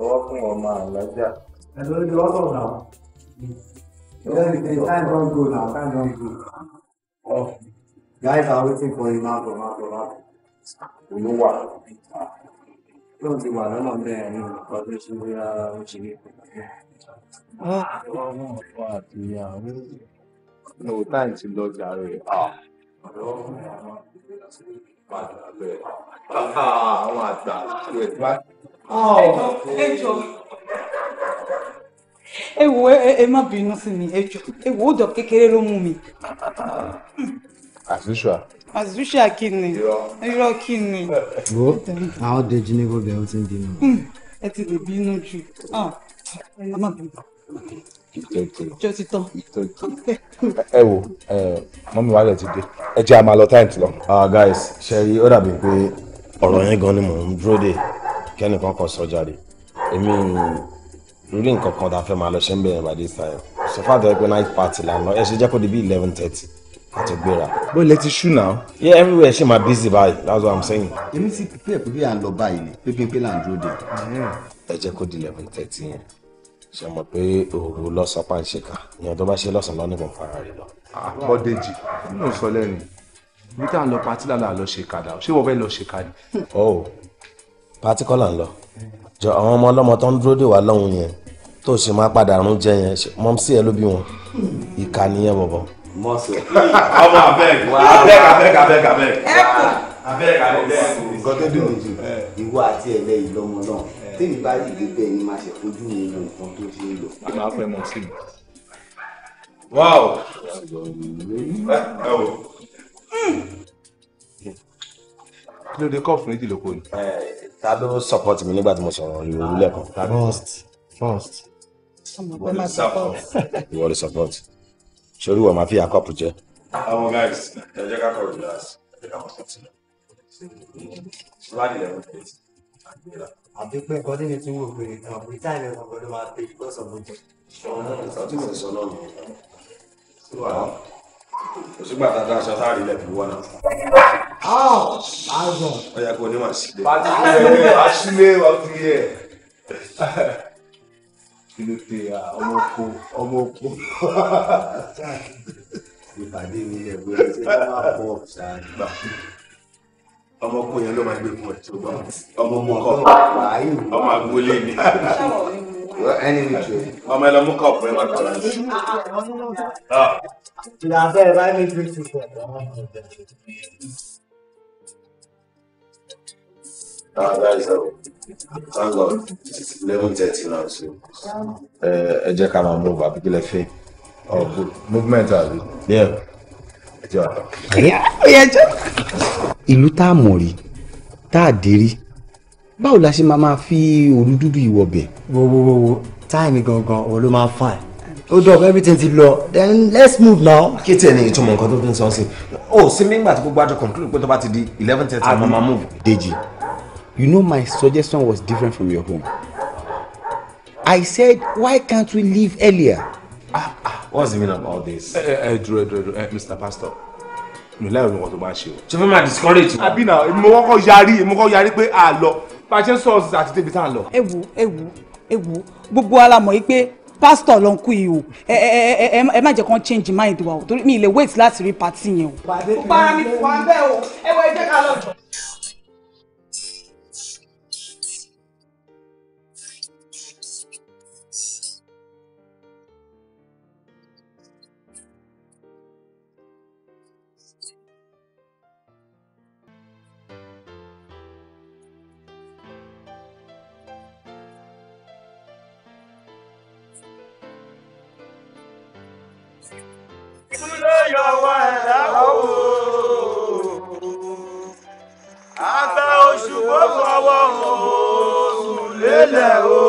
ọwọ́ fún ọmọ àlájá. guys are waiting for you now for now for now. olúwa. yóò ti wà lọ́nà bẹ́ẹ̀ ni olùkọ́ tó ṣe bí ara ó ṣe ní ìpínlẹ̀. Ah, ọmọ ọ̀pá àti no time ti lọ jàre. Ah. ọ̀rọ̀ ọ̀hún ni àwọn àgbà bẹ́ẹ̀. àwọn àgbà Oh. ẹjọ ẹ wo ẹ má bínú sí mi ẹjọ ẹ wo ọ̀dọ̀ kékeré ló mú mi. as usual. as usual kí ni irọ́ kí ni. wo àwọn dèjì ní gbogbo ẹ ó ti ń bínú. Hmm, ẹ ti lè bínú jù ah, ẹ má bínú jọ ti tán. ẹ wo mọ́mí wàhálà ti dé ẹ jẹ́ a máa lọ lọ. Ah, guys ṣe rí ó dàbí pé ọ̀rọ̀ yẹn gan ni mò ń dúró dè kẹ́nìkan kan sọ jáde èmi lórí nǹkan kan tá a fẹ́ máa lọ ṣe ń bẹ̀rẹ̀ by this time so far tó yẹ pé night party lànà ẹ ṣe jẹ́ kó di bí eleven thirty àti gbéra. bó ilẹ̀ ti ṣú náà. yeah everywhere ṣe máa busy báyìí that's what i'm saying. èmi ti prepare pé bí à ń lọ báyìí ni pé pínpín là ń dúró dé. ẹ jẹ́ kó di eleven thirty yẹn ṣe mọ̀ pé òru lọ́sàn pa ń ṣe kà ìyẹn tó bá ṣe lọ́sàn lọ́nà ìbọn fara rẹ̀ lọ. àbọ̀dèjì ah, nínú ìsọlẹ́rìn mi tá à ń lọ patí lálẹ́ àlọ́ ṣe kàdà ṣé wọ́n fẹ́ lọ ṣe kàdà. oh pati kọ́là ń lọ jọ àwọn ọmọ ọlọ́mọ tó ń dúró dè wá lọ́hùn yẹn tó ṣe máa padà rún jẹ yẹn mọ́mísí ẹ ló bí wọn ìka nìyẹn bọ̀bọ̀. mọ́sí ọmọ abeg abeg abeg abeg abeg abeg abeg. nǹkan tó dùn jù ìwọ àti ẹlẹ́yìí lọ́mọ náà tèmi bá rí ìdí bẹ́ẹ̀ ni máa ṣe fojú mi lo nǹkan tó ṣe é lò. a máa fẹ́ mọ̀ sí mi. wáò. ẹ wò. Hmm kí de dé cups méjì lóko ni. ta ló support mi nígbà tí mo sọ̀rọ̀ ìròyìn lẹ́kọ̀ọ́. first first. ìwọ ló support ìwọ ló support sórí ìwọ máa fi àkọ́pù jẹ. àwọn guys ẹ jẹ́ ká kọ̀rọ̀ ìlú àti ẹ ká kọ̀rọ̀ sílẹ̀. láti lẹ́wọ̀n tó ti àti pé nǹkan nínú tí wọ́n gbèrè náà bí táìlẹ̀ ọ̀gbọ̀n ló máa pè é lọ́sọ̀gbọ̀n jẹ. ṣọlá ìtọ́jú ìṣọ̀lá mi kò sígbà tá a dá aṣọ tá a rí lẹ́bi wọ́n náà. Ah, ó yẹ kó o ní màá sílé. pàtó ìwé ah, wàá sílé wàá fi yẹ. kí ló dé ọmọ oko ọmọ oko. ìpàdé mi yẹ bó ṣe máa pọ̀ ṣáàgbà ọmọ oko yẹn ló máa gbé fún ẹ tó gbọ́ ọmọ oko ọmọ agboolé ni. ọmọ ẹ lọ mú kọ́ọ̀pù ẹ má kọ́ra ẹ. ìyàbẹ̀ ẹ Ah, that is Thank God. Eleven thirty now, so. Ẹ jẹ́ ká máa move àbí kí lẹ fẹ́. Oh, good. Movement àbí. Yeah. Ẹ jẹ́ wà. Ó yẹ jẹ́. Ìlú tá a mọ̀ rí, tá a dé báwo la ṣe máa máa fi òru dúdú ìwọ bẹ̀. wo wo wo wo táìmì gangan òun ló máa fà ó dọ̀ everything ti lọ then let's move now. kété ni ìtumọ̀ nǹkan tó fi ń sọ sí o sí mi nígbà tí gbogbo àjọ conclude pé tó bá ti di eleven thirty àwọn máa move. Deji you know my suggestion was different from your own I said why can't we leave earlier. ah ah what's the meaning of all this. ẹ eh, ẹ eh, eh, dúró dúró dúró Mr. Pastor mi láì ronú wọn tó bá ṣe o. ṣé fẹ́ máa discourage. àbí náà mo kọ́kọ́ yarí mo kọ́kọ́ yarí pé a lọ bá a ṣe ń sọ ọ̀sùn àti débi tá à ń lọ. ẹ wo ẹ wo ẹ wo gbogbo wa la yìí pé pásítọ̀ ló ń kú yìí o ẹ ẹ ẹ ẹ má jẹ́ kán change mind wa o torí mi ì lè wait láti rí pàtí yẹn o. bàdé mi ò bá fún wa bẹ́ẹ̀ o ẹ wọ ẹgbẹ́ ká lọ jọ. yọwọ́ ẹ̀dá owó. Àgbà oṣù kò fọwọ́ oṣù lélẹ̀ o.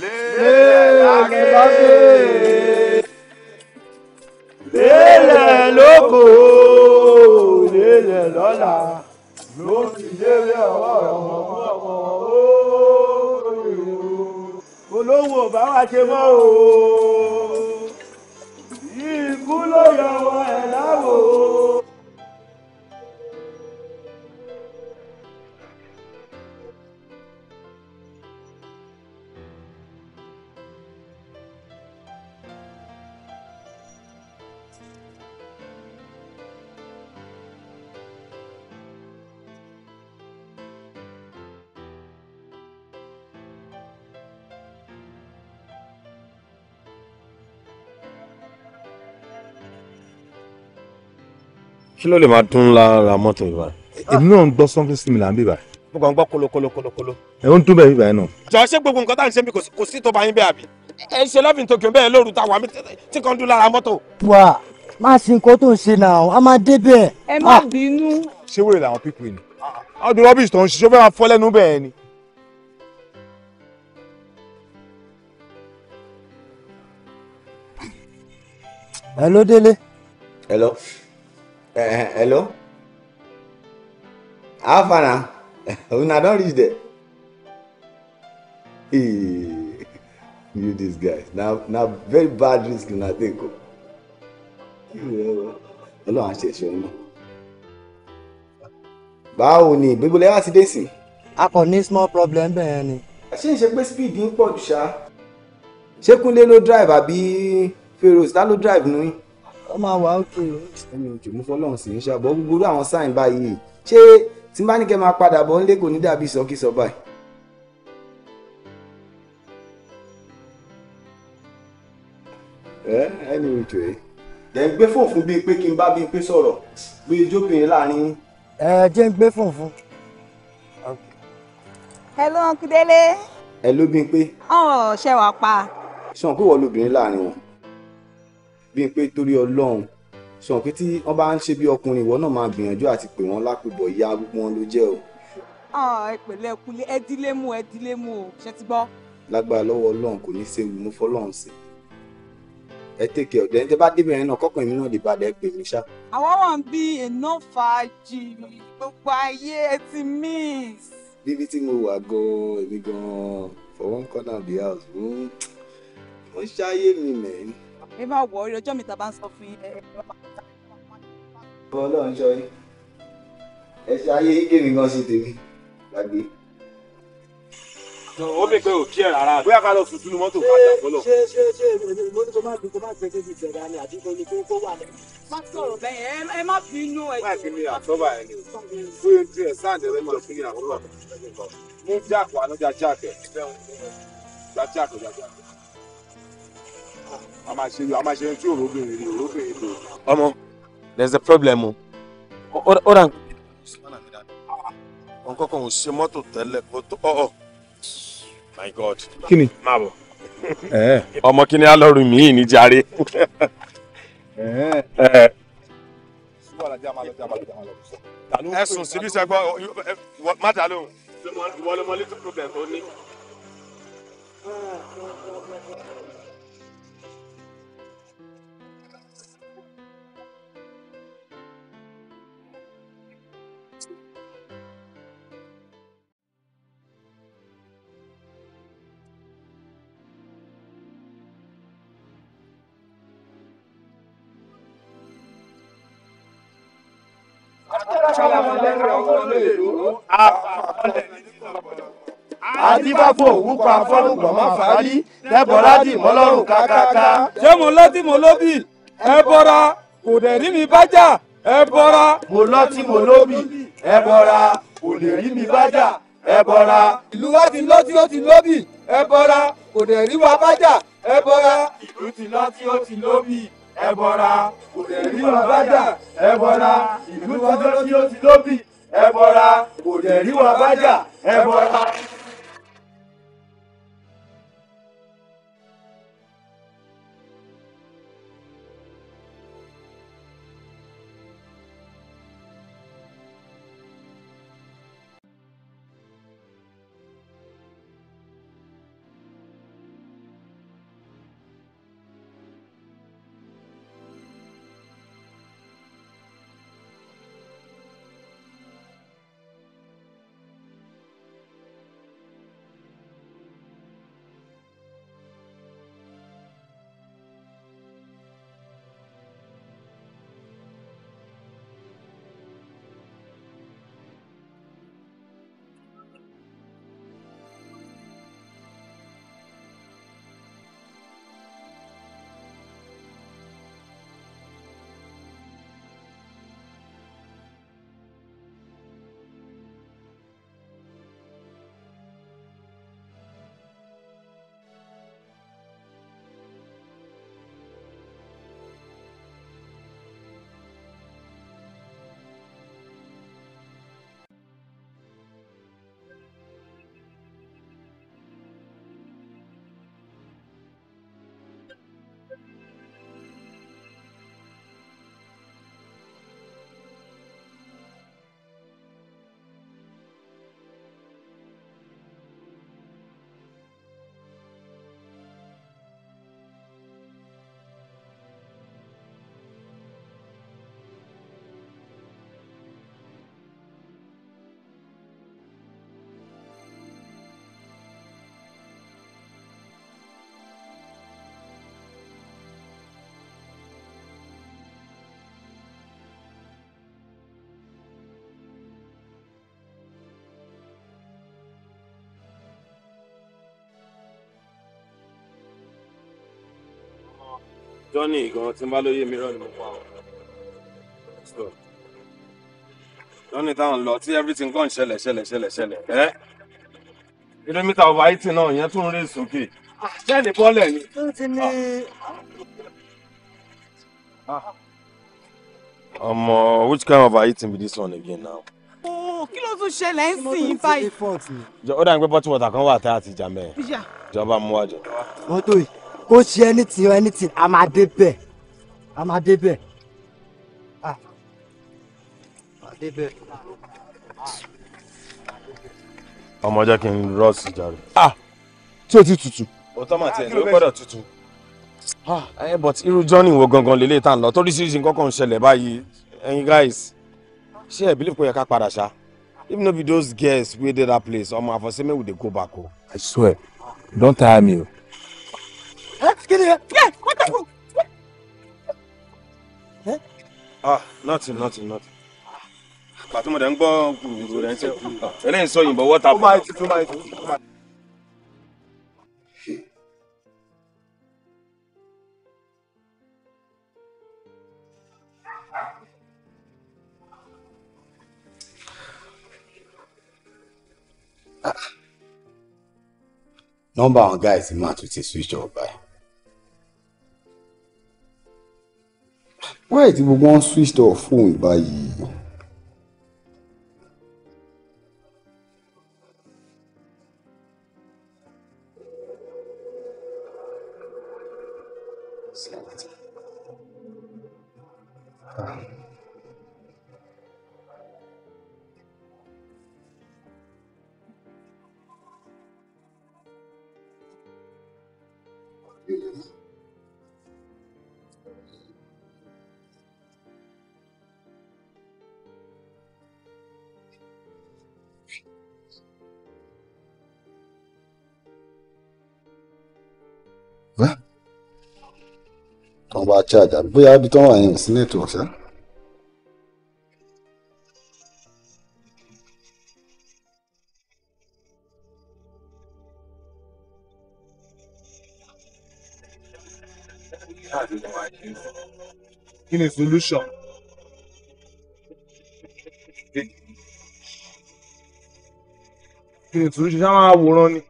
Lélẹ̀ lágé. Lélẹ̀ lóko. Lélẹ̀ lọ́la. Ló ti lélẹ̀ ọwọ́ ọmọ fún ọmọ o. Olówó bá wa ṣe mọ́ o ló yà kí ló lè máa dún lára mọ́tò ìbá. èmi náà ń gbọ́ something similar ń bíbá. mo kàn ń gbọ́ kolokolokolo. ẹ ń dún bẹ́ẹ̀ bíbá yẹn náà. jọ ṣé gbogbo nǹkan tá à ń ṣe mi kò sí tó bá yín bẹ́ẹ̀ àbí. ẹ ń ṣe lọ́bìn tokyo bẹ́ẹ̀ lóru ta wà mí tí kan dún lára mọ́tò. wà má ṣe nǹkan tó ń ṣe náà a máa dé bẹ́ẹ̀. ẹ má ah. bínú. ṣé wèrè làwọn pípé ni ọdún rọ́bìsì tó ń ṣiṣẹ́ fẹ́ máa fọ́ lẹ́nu bẹ́ẹ̀ ni. ẹ ló délé. ẹ lọ. Uh, hello? How far now? Una don reach there. Hey, you these guys. Now, now very bad risk in take o. Oh. Ọlọ́run á ṣe ẹ̀ṣọ́ iná. Báwo ni gbogbo lẹ́wà ti dé sí? A kàn ní small problem bẹ́ẹ̀ ni. Ṣé ń ṣe pé speed ń pọ̀ jù ṣá? Ṣé Kúnlé ló drive àbí Ferozda ló drive nù yín? ó máa wà ókè o. ẹni ojú mú fọlọ́run sì ń ṣàbọ̀ gbogbo àwọn sáìn báyìí ṣé tí n bá ní kẹ́ máa padà bọ̀ nílé kò ní dàbí sọkísọ báyìí. ẹni ojú ẹ. dẹ̀ ń gbé fóònù bíi pé kí n bá bíi pé sọ̀rọ̀ bí ijókòó láàrin. ẹ jẹ́ ń gbé fóònù fún. hello Uncle Dele. hello Bímpé. ọ̀ ṣe wà pa. sọ̀n pé wọ́n lóbìnrin láàrin wọn bíi pé torí ọlọ́run sọ pé tí wọ́n bá ń ṣe bí ọkùnrin ìwọ náà máa gbìyànjú àti pè wọ́n lápébọ̀ ìyá arúgbó wọn ló jẹ́ o. ìpèlè ah, ẹkùnlé ẹdílé mú ẹdílé mú o ṣe ti gbọ́. lágbára lọ́wọ́ ọlọ́run kò ní í séwu mú fọlọ́run sí ẹ tèkè ọ̀dẹ́ ní bá débìnrin náà kọ́kàn èmi náà lè balẹ̀ pè mí ṣá. àwọn wọn bí iná fàájì gbogbo ayé ẹ ti miss. níbi tí mo wà gan-an èmi gan-an for one corner of the house mo ń ṣayé ẹ má wọ orí ọjọ́ mi ta bá ń sọ fún yín ẹ má má má. ọlọ́run ṣọ yín ẹ ṣe ayé kémi gan sí tèmi gbàgbé. ó bẹ pé ò kí ẹ rárá bóyá ká lọ sùn sínú mọ́tò ká jà fọlọ. ṣé ṣé ṣé mo ní kó má gbé kó má gbé kébi ìbẹ̀rẹ̀ ni àbí kó ní kó kó wà lẹ. má sọ̀rọ̀ bẹ́ẹ̀ ẹ má bínú ẹ. má kí ni àtọ́bà ẹ ni fún yín tí ẹ sáàdì rẹ mọ̀ fún yín àkọ́kọ́. mú jáàkù ànájà jáàkù ẹ̀ gbàjáàkù jáàkù a a ọmọ there is a problem o ó rà. òun kọ́kọ́ ò ṣe mọ́tò tẹ́lẹ̀ kó tó ọ̀ my god. kí ni. Eh. ọmọ kí ni alọ́run mi ní jàre. Eh. Eh. ẹ̀sùn síbi ṣẹ́gbọ́n má ṣàlàmọ́lẹ́rẹ̀ ọgọ́lọ́ èlò àfàkọ́lẹ̀ àdìbàfọ̀ òwúkọ afọ́lùgbọ̀mọ́ kákáká. ṣé mo lọ́tí mo lóbì ẹ bọ́ra kò dẹ̀ rí mi bájà ẹ bọ́ra. mo lọ́tí mo lóbì ẹ bọ́ra kò dẹ̀ rí mi bájà ẹ bọ́ra. ìlú wa ti lọ́tí ó ti lóbì ẹ bọ́ra kò dẹ̀ rí wa bájà ẹ bọ́ra. ìlú ti lọ́tí ó ti lóbì ẹ bọra kò lè rí bàbá jà ẹ bọra ìlú ọjọ́ tí ó ti lóbì ẹ bọra kò lè ẹ bọra. Johnny gan tí n bá lóye mi rọ ni mo pa ọ. Johnny táwọn lọ tí everything kàn ṣẹlẹ̀ ṣẹlẹ̀ ṣẹlẹ̀ ṣẹlẹ̀ ẹ́. Kìlómítà ọba eighty náà yẹn tún rèé sókè. Bẹ́ẹ̀ni ah, bọ́ọ̀lẹ̀ ni. Ó ti ní. Ah. Ah. Ọmọ which kind of eighty be this one again now? Oh, kí ló tún ṣẹlẹ̀ ń sìn báyìí. ó dà ní pé bọ́tù wọ̀tà kan wà tá a ti jà mẹ́ẹ̀. ìjọba mú wájú. mọ́tò yìí ó ṣe anything anything a máa dé bẹ́ẹ̀ a máa dé bẹ́ẹ̀ a máa dé bẹ́ẹ̀. ọmọ jẹ́ kí n rọ́ sí jàre. ah tí o ti tutù. òótọ́ màtí ẹ̀ ló gbọ́dọ̀ tutù. Ah, ẹ but irú journey wo gangan lélẹ̀ tá à ń lọ toríṣiríṣi nǹkan kan ń ṣẹlẹ̀ báyìí ẹ̀yin guys ṣé ẹ̀ bílẹ̀ kó yẹ ká padà ṣá if no be those girls wey dey that place ọmọ àfọ̀sẹ́mẹ́wò dey go back o. i swear don tire me o. Get here. Yeah, what the fuck? Huh? Ah, nothing, nothing, nothing. Pàtó mo dẹ̀ ń gbọ́ gbùgbùgbù rẹ̀ ń sẹ́. Eléyìí sọ yìnbọn wọ́tà. Ó máa tutù máa tutù. Ah. nọ́mbà àwọn guys máa tún ti switch off báyìí. why tí gbogbo wọn switched off fóònù báyìí charge àbí bóyá ibi tó ń wà yẹn sí network ṣá. kí ni solution. kí ni solution ṣá máa wòran ni.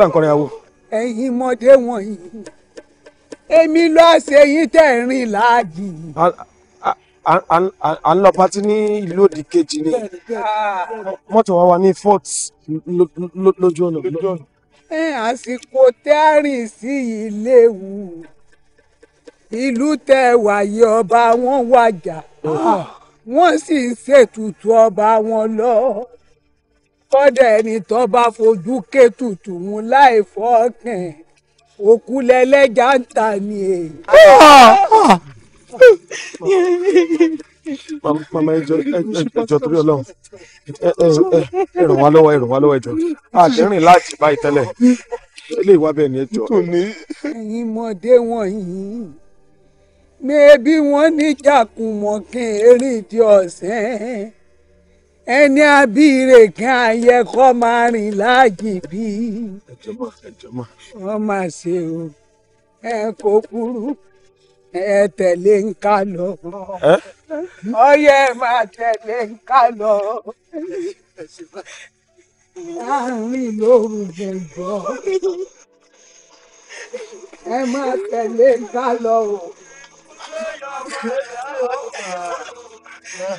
là ń kọrin awo. ẹ̀yin mọdé wọ̀nyí èmi lọ ṣèyí tẹ rìn láàjì. à ń lọ pátì ní ìlú òdì kejì ni mọ́tò wa wà ní fort lójú ọ̀nà. àsìkò tẹ́rìn sí ilé wù ìlú tẹ wàyí ọba wọn wàjà ah. wọn sì ń ṣètùtù ọba wọn lọ kọ́dà ẹni tó bá fojú ké tutù mu láì fọ́ọ̀kàn òkú lẹ́lẹ́jà ń tà ní e. mama ẹjọ ẹjọ torí Ọlọ́run ẹ ràn wá lọ́wọ́ ẹ ràn wá lọ́wọ́ ẹjọ àdéhùn láti báyìí tẹ́lẹ̀ ilé ìwà bẹ́ẹ̀ ni ẹjọ. ẹ̀yin mọ̀dé wọ̀nyí mẹ́ẹ̀bí wọ́n ní jàkùmọ̀kẹ́ eré ìdí ọ̀sẹ̀ ẹni abíire kan ayẹ kọ́ máa rìn láàjìbí wọ́n máa ṣe o ẹ kó kúrú ẹ tẹ̀lé nǹka lọ ọyẹ máa tẹ̀lé nǹka lọ láàrin lóru gbẹ̀gbọ́ ẹ máa tẹ̀lé nǹka lọ o. Yeah.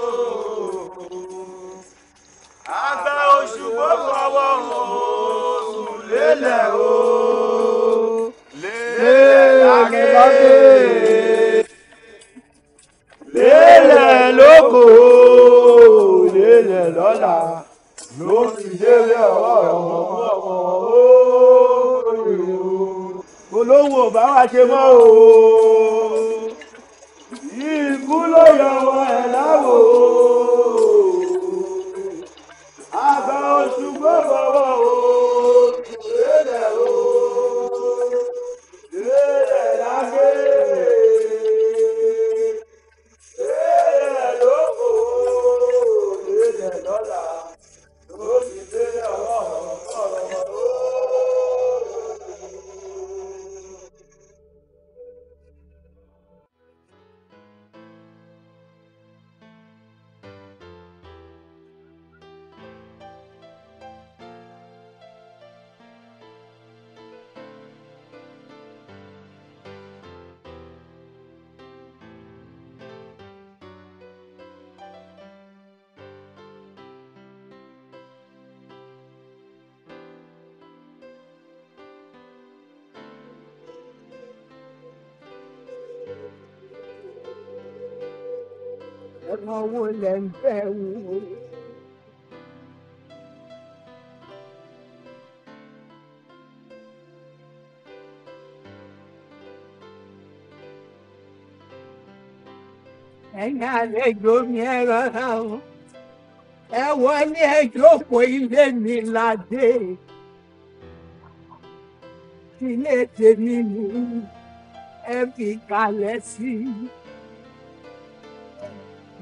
àgbà òṣùgbọ́ fọwọ́ oṣù lélẹ̀ o lélẹ̀ lágbè lélẹ̀ lóko lélẹ̀ lọ́la ló ti délé ọ̀rọ̀ ọmọ ọmọ olówó bá wa ṣe mọ́ o ikú ló yọ ọ ẹ̀ láwò o. bàbá wa o. lẹ̀ ń bẹ̀ wò. ẹ̀yin àlejò mi ẹ rárá o ẹ wọlé ẹ jókòó ilé mi ládé ilé tèmi ni ẹ fi kalẹ̀ sí i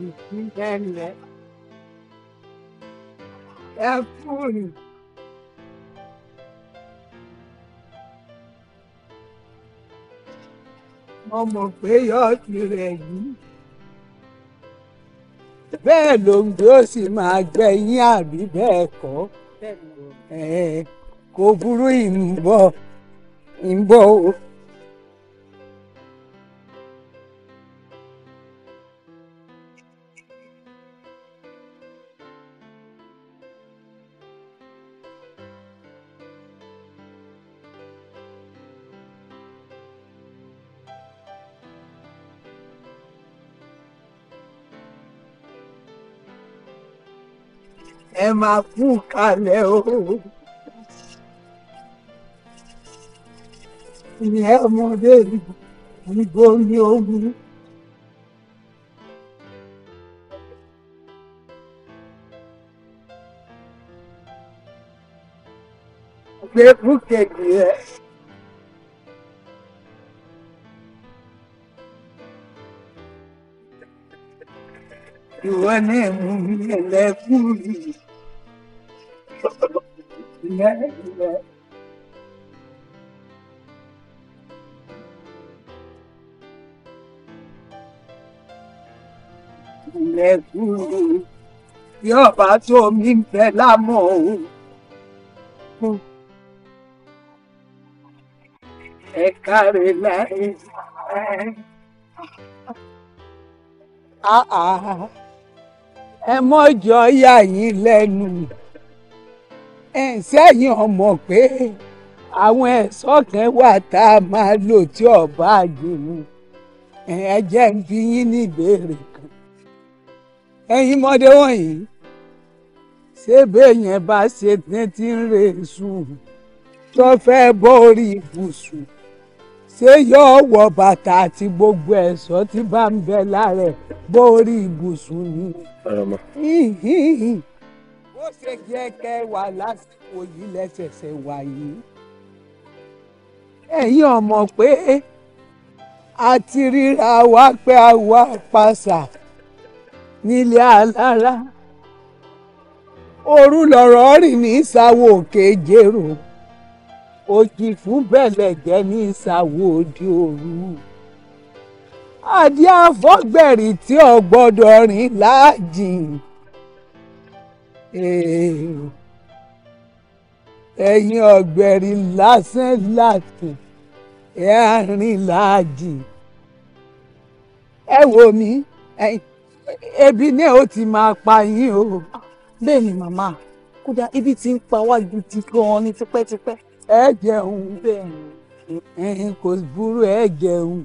ìpínlẹ̀ ẹ̀fúrì. mo mọ̀ pé yọ̀ọ̀kì rẹ̀ yìí bẹ́ẹ̀ lòǹgbé ó sì máa gbẹ yín àbí bẹ́ẹ̀ kọ́ kò burú ìmúbọ̀ ìmúbọ̀ o. máa fún kalẹ̀ o. ìyẹn ọmọdé ìgbó ni ó mú. gbé búkẹ́ẹ̀dì Yeah, yeah. ilẹ̀kùn tí ọba tó mi ń fẹ́ lámọ̀ o. ẹ káre láì ẹ mọ́jọ́ yà yín lẹ́nu sẹ́yìn ọmọ pé àwọn ẹ̀ṣọ́ kan wà tá a máa lò tí ọba àgbìmù ẹ jẹ́ ń fi yín ní ìbéèrè kan ẹ̀yin mọ́dé wọ̀nyí ṣé béèyàn bá ṣe tí ń rè sùn tó fẹ́ bọ́ orí ibùsùn ṣé yóò wọ bàtà àti gbogbo ẹ̀ṣọ́ tí bá ń bẹ lára ẹ̀ bọ́ orí ibùsùn ni bó ṣe yẹ kẹ wà lásìkò yìí lẹ́sẹ̀sẹ̀ wà yìí. ẹ̀yin ọmọ pé a ti ríra wa pé a wà pàṣà nílé alára òru lọ̀rọ̀ rìn ní ìsàwọ̀ òkè jèrò òjì fún bẹ̀lẹ̀ jẹ́ ní ìsàwọ̀ òdi òru àdí àfọ́gbẹ̀rì tí ò rìn láàjìn èèyàn eh, ẹ̀yin ọ̀gbẹ̀rì lásán làtàn ẹ̀ àárín làájì ẹ wò mí ebi náà ó ti máa pa yín o. bẹ́ẹ̀ ni màmá kódà ibi tí ń pa wá gidi gan-an ní tipẹ́tipẹ́. ẹ jẹun bẹ́ẹ̀ kò burú ẹ jẹun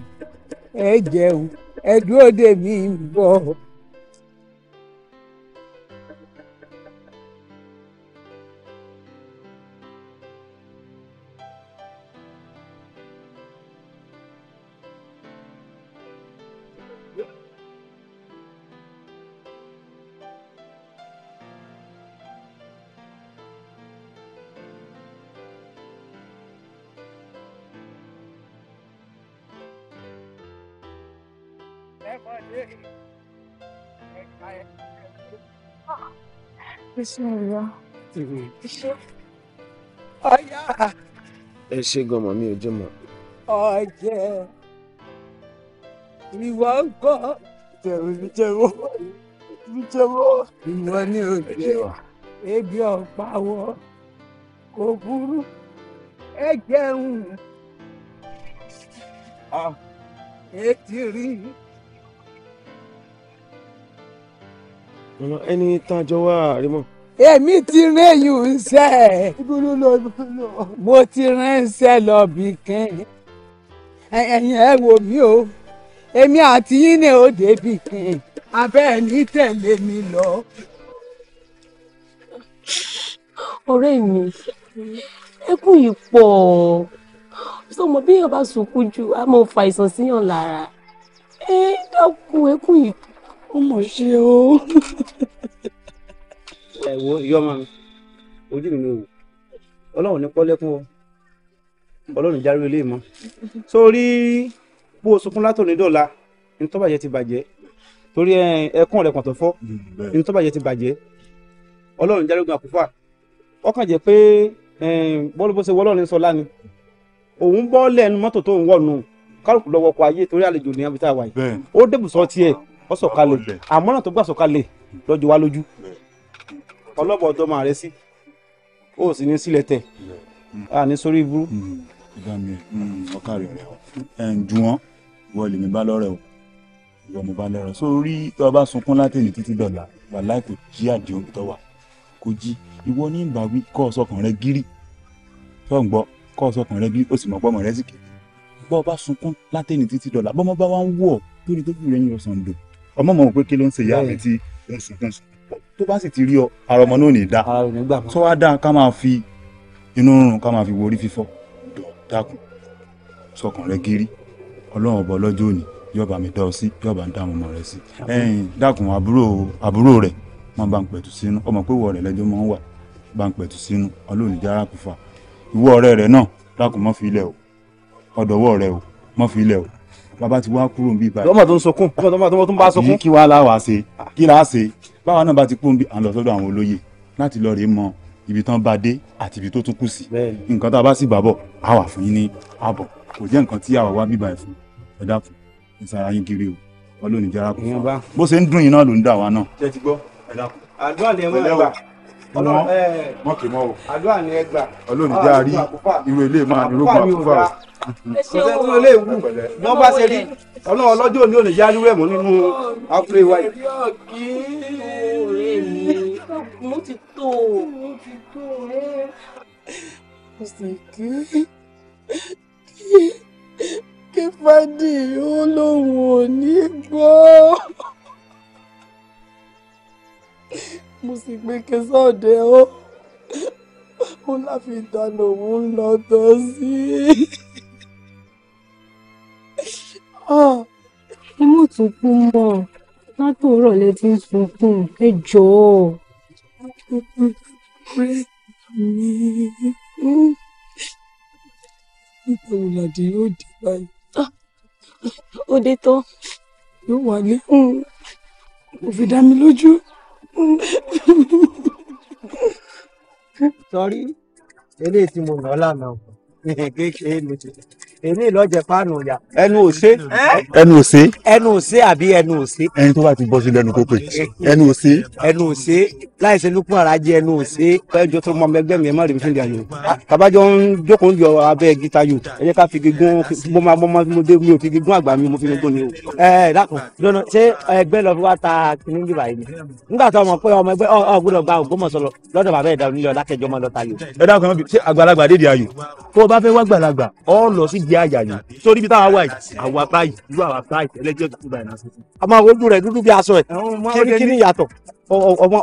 ẹ jẹun ẹ dúró dè mí bọ̀. Bismillah. Ọ̀yá. Mm-hmm. Ẹ ṣe gọmọ mi ò jọmọ. Ọ̀jẹ̀. Ìwọ ń gbọ́. Jẹ̀wọ́ mi jẹ̀wọ́. Mi jẹ̀wọ́. Ìwọ ni ò jẹ́. Ebi ọ̀pá wọ. Kò burú. Ẹ jẹun. Ẹ ah. ti rí i. mama ẹni tá a jọ wá rí mọ. èmi ti rán èyàn ṣe mo ti ránṣẹ́ lọ bí kẹ́hìn ẹ̀yìn ẹ wò mí o èmi àti yín ni ó débi kẹ́hìn abẹ́ ẹ̀ ní tẹ̀lé mi lọ. ọ̀rẹ́ mi ẹkún yìí pọ̀ sọmọ bí èèyàn bá sunkún jù á mọ fa àìsàn síyàn lára ẹ dákun ẹkún yìí ó mọ̀ ṣe o. ẹ wo ìyá ọmọ mi ojú mi ni o ọlọ́run ní pọ́lẹ́kún o ọlọ́run járe ilé mọ́ sórí bó o sunkún látòní dọ̀la ní ti bàjẹ́ torí ẹkún rẹ̀ kàn fọ́ ní ti bàjẹ́ ọlọ́run járe ogun àkúfà ọkàn jẹ́ pé bọ́ọ̀lù bó ṣe wọ́ sọ lánìí òun bọ́ lẹ́nu mọ́tò tó ń wọ̀ nù kálukú lọ́wọ́ ọkọ̀ ayé torí àlejò ní abitá wa yìí ó débùsọ̀ tiẹ̀ ọ sọ̀kalẹ̀ àmọ́ràn tó gbà sọ̀kalẹ̀ lọ́jọ́ wa lójú ọlọ́bọ̀ ọ̀dọ́ máa rẹ sí ó sì ní sílẹ̀ tẹ̀ a ní sórí ibú. ìgbà mm. mi mm, ọkà rẹ̀ rẹ̀ ẹ̀ ń ju wọn wọ́n lèmi bá lọ́rẹ̀ o ìwọ mo bá lẹ́rọ sórí tó o bá sunkún látẹ̀yìn títí dọ̀là wà láì kò jí àdé omi tó wà kò jí ìwọ ní ìgbà wí kọ́ ọ̀sọ́kàn rẹ gírí tó ń gbọ́ kọ́ ọ̀sọ́kàn rẹ bí ó sì mọ̀ pọ́ ọmọ rẹ sì kì bọ́ ọ bá sunkún látẹ̀yìn títí dọ̀là bọ́mọ bá wá ń wọ̀ lórí tó fi rẹ̀ yín ọ̀sán ọmọ mọ̀ pé kí ló ń ṣe ìyá mi tí ó ń sunkún sunkún tó bá sì ti rí ọ ara ọmọ náà ò ní dá tó wá dá ká máa fi inú rùn ká máa fi wo orí fífọ́ dákun sọkàn rẹ gírí ọlọ́run ọba ọlọ́jọ́ òní yọba mi dá ọ sí yọba ń dá àwọn ọmọ rẹ sí ẹ̀yin dákun àbúrò àbúrò rẹ máa bá ń pẹ̀tù sínú ọmọ pé ìwọ rẹ lẹ́jọ́ máa ń wà bá ń pẹ̀tù sínú ọlọ́run ìjà arákùnfà ìwọ ọ̀rẹ́ rẹ náà dákun mọ́ fi ilẹ̀ o ọ̀dọ̀wọ́ rẹ o mọ́ fi ilẹ̀ o bàbá ti wá kúrò níbí báyìí. ọmọ tó ń sọkún ọmọ tó ń bá sọkún. kí wàá láwàá ṣe ah. kí làá ṣe báwa náà bá ti kúrò níbí à ń lọ sọ́dọ̀ àwọn olóyè láti lọ rèé mọ ibi tán bá dé àti ibi tó tún kù sí. nǹkan tá a bá sì bàbọ̀ á wà fún yín ní àbọ̀ kò jẹ́ nǹkan tí àwa wá bíbá ẹ̀ fún ẹ dákun ẹ sara yín kiri o wọn lónìí jẹ́ arákùnrin bó ṣe ń dùn yín náà ló ń dà wá náà. ṣé ti gbọ́ ẹ dákun. àdúrà lè mú ẹ gbà wọn mọ̀kì mọ́ o ọlọ́run jẹ́ àrí irú ilé máa ní rògbò àkúfà o. kò sẹ́ kúrò lè wù ní wọ́n bá ṣe rí ọlọ́run ọlọ́jọ́ òní òní yá rírẹ̀ mọ́ nínú àkúrẹ́ ìwà yìí. mo ti tó o mo ti tó o mo sì kí kí fàdí ó lóun ò ní gbọ́ mo sì gbé kesọ́ọ̀dẹ ó òun láfi ìdáná òun lọ tọ́ sí i. mo tún kú mọ́ látòórọ̀ lẹ ti ń sunkún ẹ jọ̀ọ́. ọ̀rẹ́ mi nígbà wo làdí yóò dé báyìí. ó dé tán. yóò wálé. kò fi dá mi lójú sọrí eléyìí tí mo nà ọ́ lànà kékeré mi èmi ìlọ́jẹ̀ páànù ìyá. ẹnu òsè ẹnu òsè. ẹnu òsè àbí ẹnu òsè. ẹni tó bá ti bọ́ sí lẹ́nu kópe ẹnu òsè. ẹnu òsè láìsí lukun ara jẹ ẹnu òsè. ẹjọ tó mọ ẹgbẹ́ mi ẹ má rí mi fún ìyá yòó. tabajọ ń jókòó ń jọ abẹ́ gita yòó ẹ jẹ́ ká fi gígùn mo máa mọ́ mo dé mi ò fi gígùn àgbà mi mo fi gígùn ni o. ẹ ẹ dákun dọ́nà ṣé ẹgbẹ́ lọ fi wá ta kìnní bíbá yìí ni. nígbà tó mọ̀ pé ọmọ ẹgbẹ́ ọ gbọ́dọ̀ gba Ògbómọ̀ṣọ́ lọ lọ́dọ̀ bàbá ẹ̀dá onílé ọ̀dà kẹjọ mọ́ lọ ta yòó. ẹ dákun ẹ má bi ṣé àgbàlagbà dédìí ayò. tó o bá fẹ́ wá àgbàlagbà ọ lọ sí di jẹ́ àyà ni sórí ibi táwa wà yìí àwa báyìí irú àwa báyìí ẹlẹ́jẹ̀ òtútù báyìí náà sọ́kùn. àmọ́ àwọn ojú rẹ̀ dúdú bí aṣọ ẹ̀ kíríkírí yàtọ̀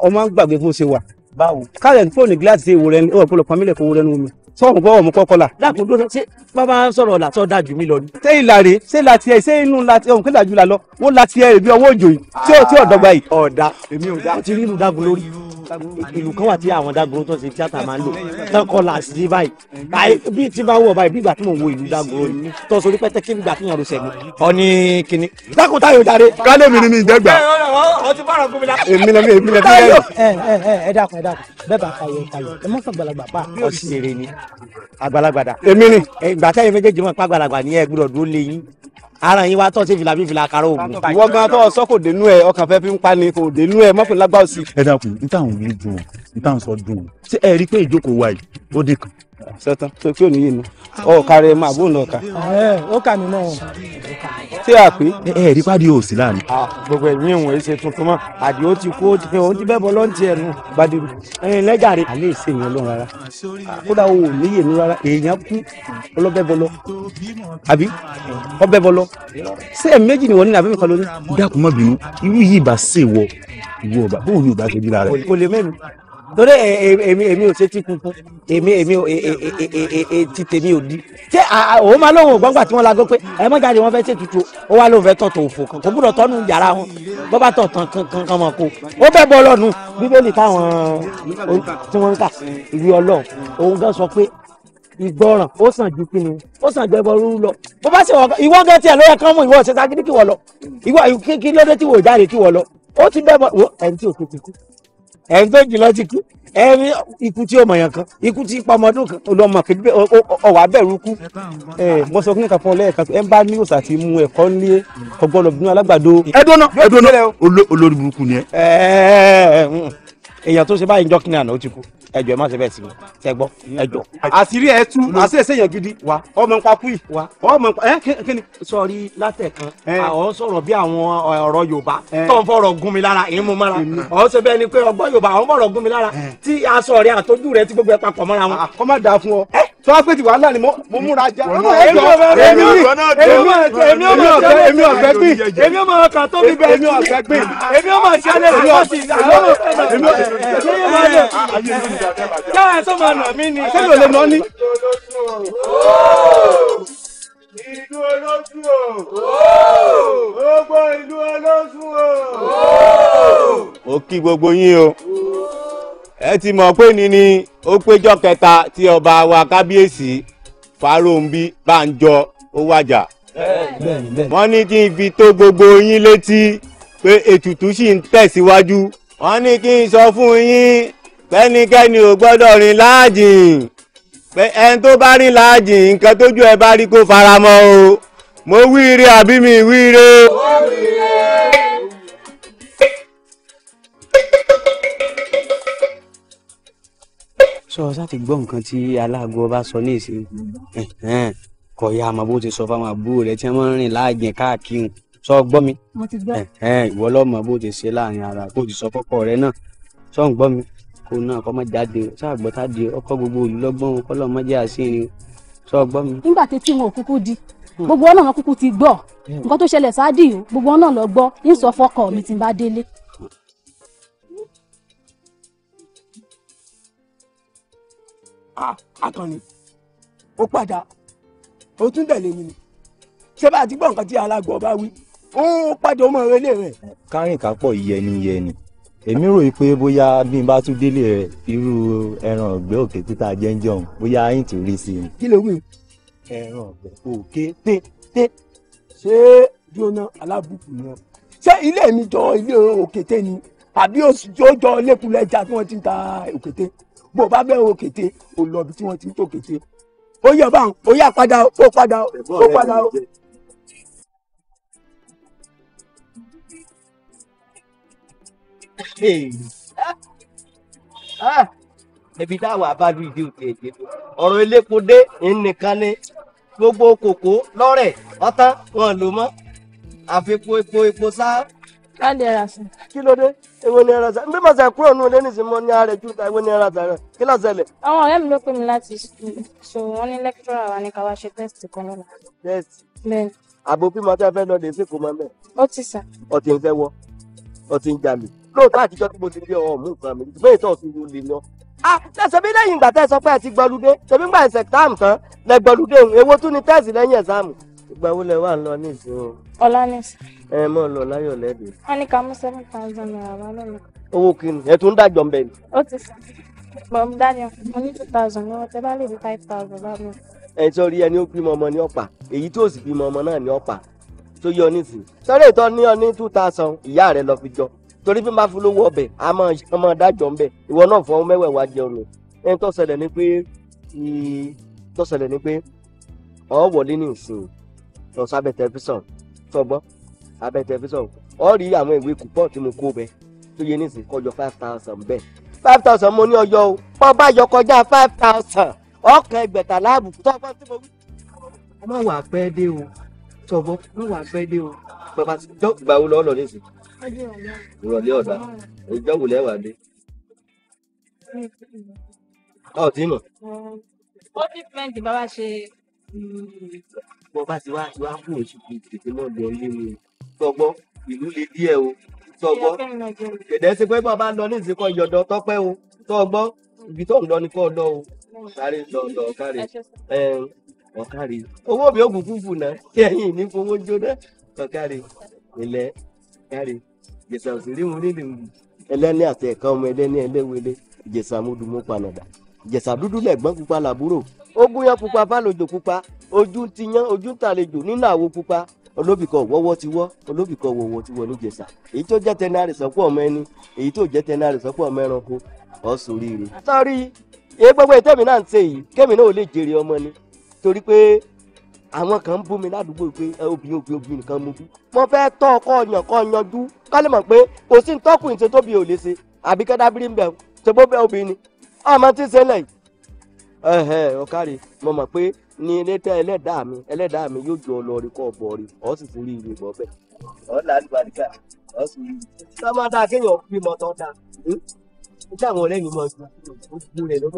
ọmọ gbàgbé bó ṣe wà. báwo kálẹ̀ fóònù gíláàsì ṣe ìwòrẹ́ ní ọ̀pọ̀lọpọ̀ pamílẹ̀ kò wọlé nu mi sọ́ọ̀mù bọ́ ọ̀mù kọ́kọ́ la. dákun dúró ṣé bàbá sọ̀rọ̀ ọ̀la tó dáa jù mí lọ ni. ṣé ìlà rèé ṣé ìlà tiẹ̀ ṣé inú la tiẹ̀ òun kí làjú la lọ wọ́n la tiẹ̀ rèé bí ọwọ́ òjò yìí tí ò tí ò dọ́gba yìí. ọ̀dà èmi ò dá. ó ti rí inú dágun lórí ìlú kan wà tí àwọn dágoro tó ṣe tíátà máa ń lò tán kọ́ là sí báyìí bí tí bá wọ̀ báyìí bí ìgbà tí mò wo ìlú dágoro ni tó sọ orípẹ́ tẹ́kí nígbà tí yàn ló sẹ̀mí ọ̀ní kìnní dákun táyọ̀ jáde. kálẹ̀ mi ni mi ìjẹ́gbà. èmi lẹ́mi èmi lẹ́mi lẹ́mi. ẹ ẹ dákun ẹ dákun bẹ́ẹ̀ bá kayọ̀ kayọ̀ ẹ mọ́ fàgbàlagbà pa ọ̀sìn èrè ni àgbàlagbà dà. èmi ni. ìgbà táyọ̀ méjèèjì ara yín wa tó ti fìlà bí fìlà káró ìwọ gan tó sọ kò dénú ẹ ọkàn fẹ́ fi ń pa ni kò dénú ẹ mọ́fìnlágbá òsì. ẹ dákun níta àwọn ò dùn níta àwọn sọ dùn ṣé ẹ rí i pé ìjókòó wa yìí ó dé kan sẹ́tàn tó kí ò níyì nu ọ kárẹ̀ máa bó ń lọ kà. ó kà mí ṣé a pé. ẹ ẹ rí pàdé òsì láàrin. gbogbo ẹ̀mí ìwọ̀n ẹ̀ṣẹ̀ tuntun mọ́ ti ti fẹ́ ti bọ́ ẹyin rárá kódà o ò níyè nu rárá èèyàn kú bọ́ lọ àbí ọbẹ̀ bọ́ lọ ṣé ni wọ́n ní àbẹ́mi kan bínú irú yìí bá torí èmi èmi ò ṣe ti funfun èmi èmi ò ti tèmi ò di ṣé òun máa lóun gbọ́ngbà tí wọ́n la gbọ́ pé ẹ mọ́ jáde wọ́n fẹ́ ṣe tuntun ó wá lóun fẹ́ tọ̀tọ̀ òfò kan kò gbúdọ̀ tọ́nu yàrá wọn bọ́ bá tọ̀ tán kankan kan mọ̀ kó ó bẹ́ bọ́ ọlọ́nu bíbélì táwọn tí wọ́n ń kà ìwé ọlọ́run òun gan sọ pé ìgbọràn ó sàn ju kí ni ó sàn ju ẹbọ rúrú lọ bó bá sì wọ ìwọ gẹ tiẹ ló yẹ kán mú ìwọ ṣe sagídí kí wọ lọ ìwọ kí lóde tí wò jáde kí wọ lọ ó ti bẹ bọ ẹni tí òkè ti kú ẹni tó jùlọ ti kú ẹni ikú tí ó mọ̀yàn kan ikú tí pamọ́ ọdún kan olùọmọ kìí ọwà bẹ̀rù kú mo sọ fún ìkàpọ̀ lẹ́ẹ̀kan ẹ ń bá ní òòsà ti mu ẹ̀kọ́ nílé ọgbọ́n lọ́bìnrin alágbàdo. ẹ dúró náà ẹ dúró olórí burúkú ni ẹ èèyàn tó ṣe báyìí jọ́ kínní àná ó ti kú ẹjọ́ ẹ má ṣe bẹ́ẹ̀ sí mi ṣe gbọ́ ẹjọ́. àṣírí ẹ tú àṣeéṣe yẹn gidi wa ọmọ nǹkan kú yìí wa ọmọ nǹkan ẹ kíni. sọrí látẹ̀kan ọ̀ ń sọ̀rọ̀ bí àwọn ọ̀rọ̀ yorùbá tó ń fọ̀rọ̀ gún mi lára èyí mo mára ọ̀ ń ṣe bẹ́ẹ̀ ni pé ọgbọ́n yorùbá ọ̀ ń fọ̀rọ̀ gún mi lára tí aṣọ rẹ rẹ ti gbogbo ẹ papọ̀ mọ́ra wọn. kọ́ má dáa fún ọ tó wá pé ti wàhálà ni mo múra já. èmi ọ̀fẹ́ èmi ọ̀fẹ́ gbìn èmi ọmọ ọkà tóbi bẹ́ẹ̀ èmi ọ̀fẹ́ gbìn èmi ọmọ ìṣẹ̀lẹ̀ àkọsí àlọ́ káà tó máa nà mí ni. sẹ́yìn ò lè nà ní. ìlú olóṣù o gbogbo ìlú olóṣù o. ó kí gbogbo yín o ẹ ti mọ̀ pé ní ni ó péjọ kẹta tí ọba wa kábíyèsí Fáróǹbí Bánjọ ó wájà wọ́n ní kí n fi tó gbogbo yín létí pé ètùtù sì ń tẹ̀síwájú wọ́n ní kí n sọ fún yín pẹ́nikẹ́ni ò gbọ́dọ̀ rìn láàjìn pé ẹni tó bá rìn láàjìn nǹkan tójú ẹ bá rí kó fara mọ́ o mo wíire àbí mi wíire. sọ ọ sáti gbọ́ nǹkan tí aláàgọ́ ọba sọ ní ìsìn kọ̀ọ̀yà àmọ́ bó ti sọ fáwọn àbúrò rẹ̀ tí wọ́n rìn láàjìn káàkiri sọ gbọ́ mi ìwọ lọ́mọ bó ti ṣe láàrin ara kó o ti sọ kọ́kọ́ rẹ náà sọ gbọ́ mi kó náà kọ́ má jáde sáà gbọ́ tá di ọkọ̀ gbogbo òlú lọ́gbọ́n kọ́ lọ́mọ jẹ́ àṣírin sọ gbọ́ mi. nígbà tí tí wọn ò kúkú di hmm. gbogbo ọ̀nà wọn kúkú ti gbọ́ hmm. nǹkan tó ṣẹlẹ̀ sáàdì yìí gbogbo ọ̀nà lọ gbọ́ ń sọ fọkọ mi tí n bá délé. àkànni ó padà ó tún tẹ̀lé mi ṣé bá a ti gbọ́ nǹkan tí alágbó bá wí fún padà ọmọ rẹ lé rẹ. kárìnkà pọ̀ yẹniyẹni èmi rò pé bóyá bí n bá tún délé rẹ irú ẹran ọ̀gbẹ́ òkè títa jẹ́ńjọ́ òun bóyá yín tó rí sí i. kí ló wí. ẹran ọ̀gbẹ́ òkè tètè ṣé jóná alábùkù náà ṣé ilé mi jọ ilé òkété ni àbí oṣù tí ó jọ lẹ́kùnlẹ́jà tí wọ́n ti ń ta òkété bó o bá bẹ́ẹ̀ òkété o lọ ibi tí wọ́n ti ń tó òkété ó yẹ báwọn ó yà ó padà ó padà ó. ẹbí táwọn abájú ìdí òkè èdè ọ̀rọ̀ elépo dé nìkan ni gbogbo kòkó lọ́rẹ̀ ọ̀tán wọn lò mọ́ àfikún epo epo sá. káàdì ẹ̀rà sí. kí ló dé èwo ni ẹ̀rà sá bí mo ṣe kúrò nù lẹ́nu ìsinmi ní ààrẹ jù ta èwo ni ẹ̀rà sá rẹ kí ló ṣẹlẹ̀. àwọn ọ̀rẹ́ mi ló pè mí láti sọ wọn ní lẹ́kítọ́rà wa ní ká wá ṣe tẹ́sítì kan lọ́la. tẹ́sítì. bẹ́ẹ̀. àbò bí mo ti fẹ́ sí kò mọ́ mẹ́. ó ti sà. ọtí ń fẹ́ wọ ọtí ń jalè lóòótọ́ àtijọ́ tí mo ti rí ọmọ nǹkan mi ṣùgbọ́n ìtọ́ fi wo lè lọ. a ṣẹbi lẹ́yìn ìgbà tẹ́ sọ pé ẹ ti gbọ́lúdé ṣẹbi gbà ẹsẹ táàmù tán lẹ gbọ́lúdé òun èwo tún ni tẹ́sì lẹ́yìn ẹ̀sáàmù. ìgbà wo lẹ wà ń lọ nísìn o. ọlá nísìn. ẹ mọ lọ láyọ̀ lẹdẹ. wọn ní ká mú seven thousand naira wá lọ́la. owó kìnnì ẹ tún dájọ mbẹ ni. ó ti sàn mọ dáni mo ní two thousand ni wọn tẹ bá lè ní five thousand bá mi. ẹ sọrí ẹni ó bímọ ọmọ ní ọ̀pá èyí ọmọ ní ọ̀pá torí fí n bá fi lówó ọbẹ̀ a máa a máa dájọ́ ń bẹ̀ ìwọ náà fọ́ mẹ́wẹ̀ẹ̀wá jẹun nù ẹni tó ṣẹlẹ̀ ni pé tó ṣẹlẹ̀ ni pé ọ wọlé ní ìsìn lọ sábẹ́ tẹlifíṣàn sọgbọ́n abẹ́ tẹlifíṣàn ọ rí àwọn ìwé kúpọ̀ tí mo kó bẹ tó yẹ nísìn kọjọ five thousand bẹ́ẹ̀ five thousand mo ní ọyọ o pọ́ bá yọ kọjá five thousand ọkàn ẹgbẹ̀ta láàbùkù tó ọgbọ́n tí mo wí. ọmọ wà pẹ́ dé o sọgbọ́n ọmọ wà pẹ́ dé o bàbá ìgbà wo lọ́ọ́ lọ nísìn ìrọ̀lẹ́ ọ̀dà ìjọ wò lẹ́wà dé. ọ̀ tí mọ̀. ó ti fẹ́ǹtì bàbá ṣe. Mm, bọ́ bá ti wá ti wá kúrò sí kí tètè náà lọ ilé mi tọgbọ́ ìlú le díẹ̀ o tọgbọ́ kẹ̀dẹ́ sí pé bàbá lọ ní ìsìnkọ́ ìyọ̀dọ̀ tọ́pẹ́ o tọgbọ́ ibi tó ń lọ ni kò lọ o kárí lọ lọ kárí ọ̀kárí owó mi ò gùn fúfù náà kí ẹ̀yìn ní fowó jóná ọ̀kárí ilẹ̀ kárí. ìjẹ̀ṣà òṣèré mu nílé mu ẹlẹ́ni àti ẹ̀ka ọmọ ẹlẹ́ni ẹlẹ́wẹ̀lẹ́ ìjẹ̀ṣà mọ́dùmọ́ panàdà ìjẹ̀ṣà dúdú pupa làbúrò ogun yan pupa fálòjò pupa ojú ti yan ojú tàlejò nínú àwo pupa wọ́wọ́ ti wọ́ ti wọ́ ọmọ ẹni èyí tó jẹ́ ọmọ ẹranko sọ́rí èyí gbogbo ìtẹ́mi náà ń yìí náà ò lè jèrè ọmọ ni torí pé àwọn kan ń bú mi ládùúgbò pé obìnrin obìnrin kan mú bí. mo fẹ́ ká lè mọ̀ pé kò sí ntọ́kùnrin tó tóbi ò lè ṣe àbí kẹ́dábírí ń bẹ̀ tó bó bẹ́ obìnrin àmọ́ tí ń ṣe lẹ̀ yìí. ọ̀kàrẹ̀ mo mọ̀ pé ní elétẹ́ ẹlẹ́dàá mi ẹlẹ́dàá mi yóò jọ lọ rí kọ́ ọ̀bọ rí ọ̀ sì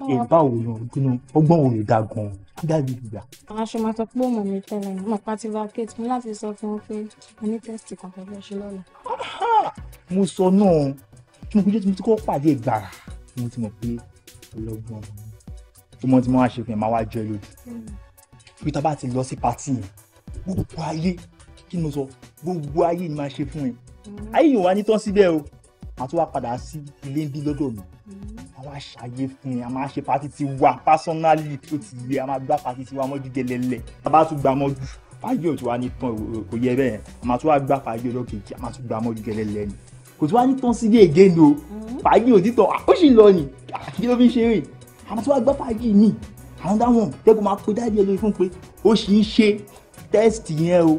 ìbá wo ló dúnú ọgbọ́n wo ló dá gan-an dájú ìgbà. àwọn aṣọ máa sọ pé òun mi fẹ́lẹ̀ ní mo pàtí vacate mi láti sọ fún un pé mo ní test kan fẹ́ fẹ́ ṣe lọ́la. mo sọ náà tí mo fi jẹ́ tí mo ti kọ́ pàdé gbàrà ni mo ti mọ̀ pé ọlọ́gbọ́n mi tó mọ tí mo wá ṣe fún máa wá jọ lójú. bí tá a bá ti lọ sí pàtì yẹn gbogbo ayé kí ni mo sọ gbogbo ayé ni máa ṣe fún ẹ mm-hmm. ayé yìí wà ní tán síbẹ̀ o àti wá padà sí ilé ń bí lọ́dọ̀ mi a máa ṣàyè fún yẹn a máa ṣe pati ti wa pásọ́nálì tó ti yẹ a máa gbá pati ti wa mọ́jú gẹlẹ́lẹ̀ a bá tún gbà mọ́jú fàájì òtún wa ní tán kò yẹ bẹ́ẹ̀ a máa tún wá gbá fàájì ọjọ́ kejì a máa tún gbà mọ́jú gẹlẹ́lẹ̀ ni kò tún wá ní tán sílé ègé ni o mm-hmm. fàájì òtún tán ó sì lọ ni ah, kí ló fi ń ṣe rè a máa tún wá gbá fàájì ni àwọn dáhùn tẹ́kùn máa pe dáàbì ẹlòmíì fún pé ó sì ń ṣe tẹ́sítì yẹn o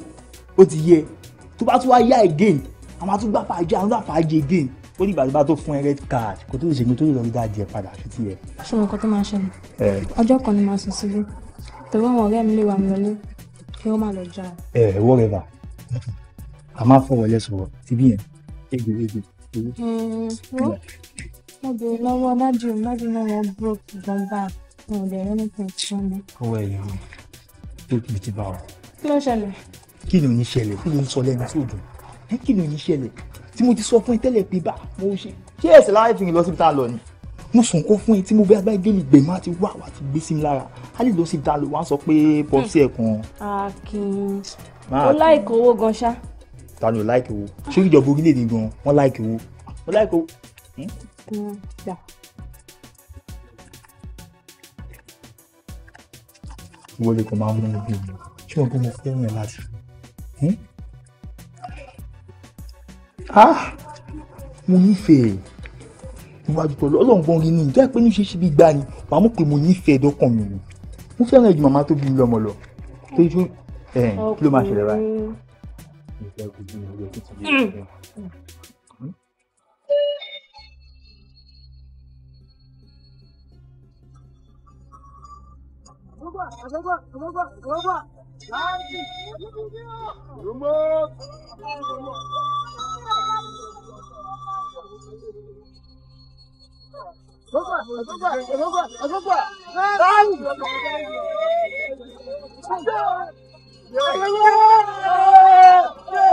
ó ti yẹ tó bá tún wá yá again a máa tún gbá fàájì àwọn dá fàájì again ó dìgbà tó bá tó fún ẹ red card kó tó lè ṣègbè tó lè lọ rí dáadé ẹ padà ṣe tiẹ̀. ṣé mo kọ́ tó máa ṣẹlẹ̀ ọjọ́ kan ni màá sùn sílé torí àwọn ọ̀rẹ́ mi lè wà mí lọ́lé kí wọ́n má lọ já. ẹ ẹ whatever a máa fọwọ́ lẹ sọ̀rọ̀ ti bí yẹn ege ege. mo bèrè lọ́wọ́ dájú dájú náà wọ́n broke gan báyìí mo bèrè anything tí wọ́n mi. owó ẹ̀yìn o tó kìí ti bá ọ. kí ló ṣẹlẹ̀. kí ló ń ṣẹlẹ̀ kí ló ń sọ lẹ́nu tó dùn kí ló ń ṣẹlẹ̀ tí mo ti sọ fún ẹ tẹ́lẹ̀ pé bá mo ṣe ṣé ẹ̀sẹ̀ láyé fi lọ síbi tá a lọ ni. mo sùn kó fún ẹ tí mo bẹ agbáyé gbé mi gbẹ̀mọ́ àti wá wà ti gbé sí mi lára a lè lọ síbi tá a lọ wá sọ pé pọ́psì ẹ̀kan. akin o láìkè owó gan ṣá. ta ni o láìkè owó ṣé ìjọba orílẹ̀-èdè gan wọ́n láìkè owó wọ́n láìkè owó. Hmm? Hmm, wọlé kò máa ń mú mi bí mi ṣé wọn kò mọ fẹ́ràn ẹ láti. Hmm? ah mo nífẹ̀ẹ́ níwájú tọ́lọ́ ọlọ́run gan rí ni ìjọ ìpé ní ṣeéṣe bí gbá ni màá mọ̀ pé mo nífẹ̀ẹ́ dọ́kàn mi ni mo fẹ́ràn ju màmá tó bí mi lọ́mọ lọ tó yẹ kí ló máa ṣẹlẹ̀ báyìí. Rumor! Hmm? 夺过夺冠！夺来！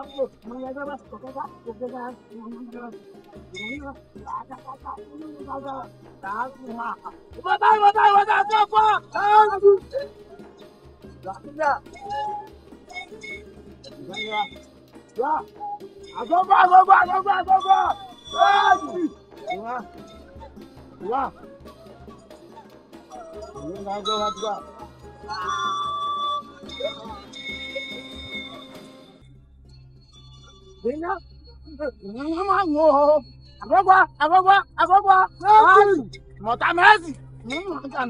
我带我带我打电话。啊！老师，你看这，哥，阿哥哥哥哥哥哥哥哥，啊！你看，你看，你看哥哥哥。gbéná wọ́n máa ń wo àkọ́kọ́ àkọ́kọ́ àkọ́kọ́ mẹ́sì mọ̀tà mẹ́sì ní mọ̀tà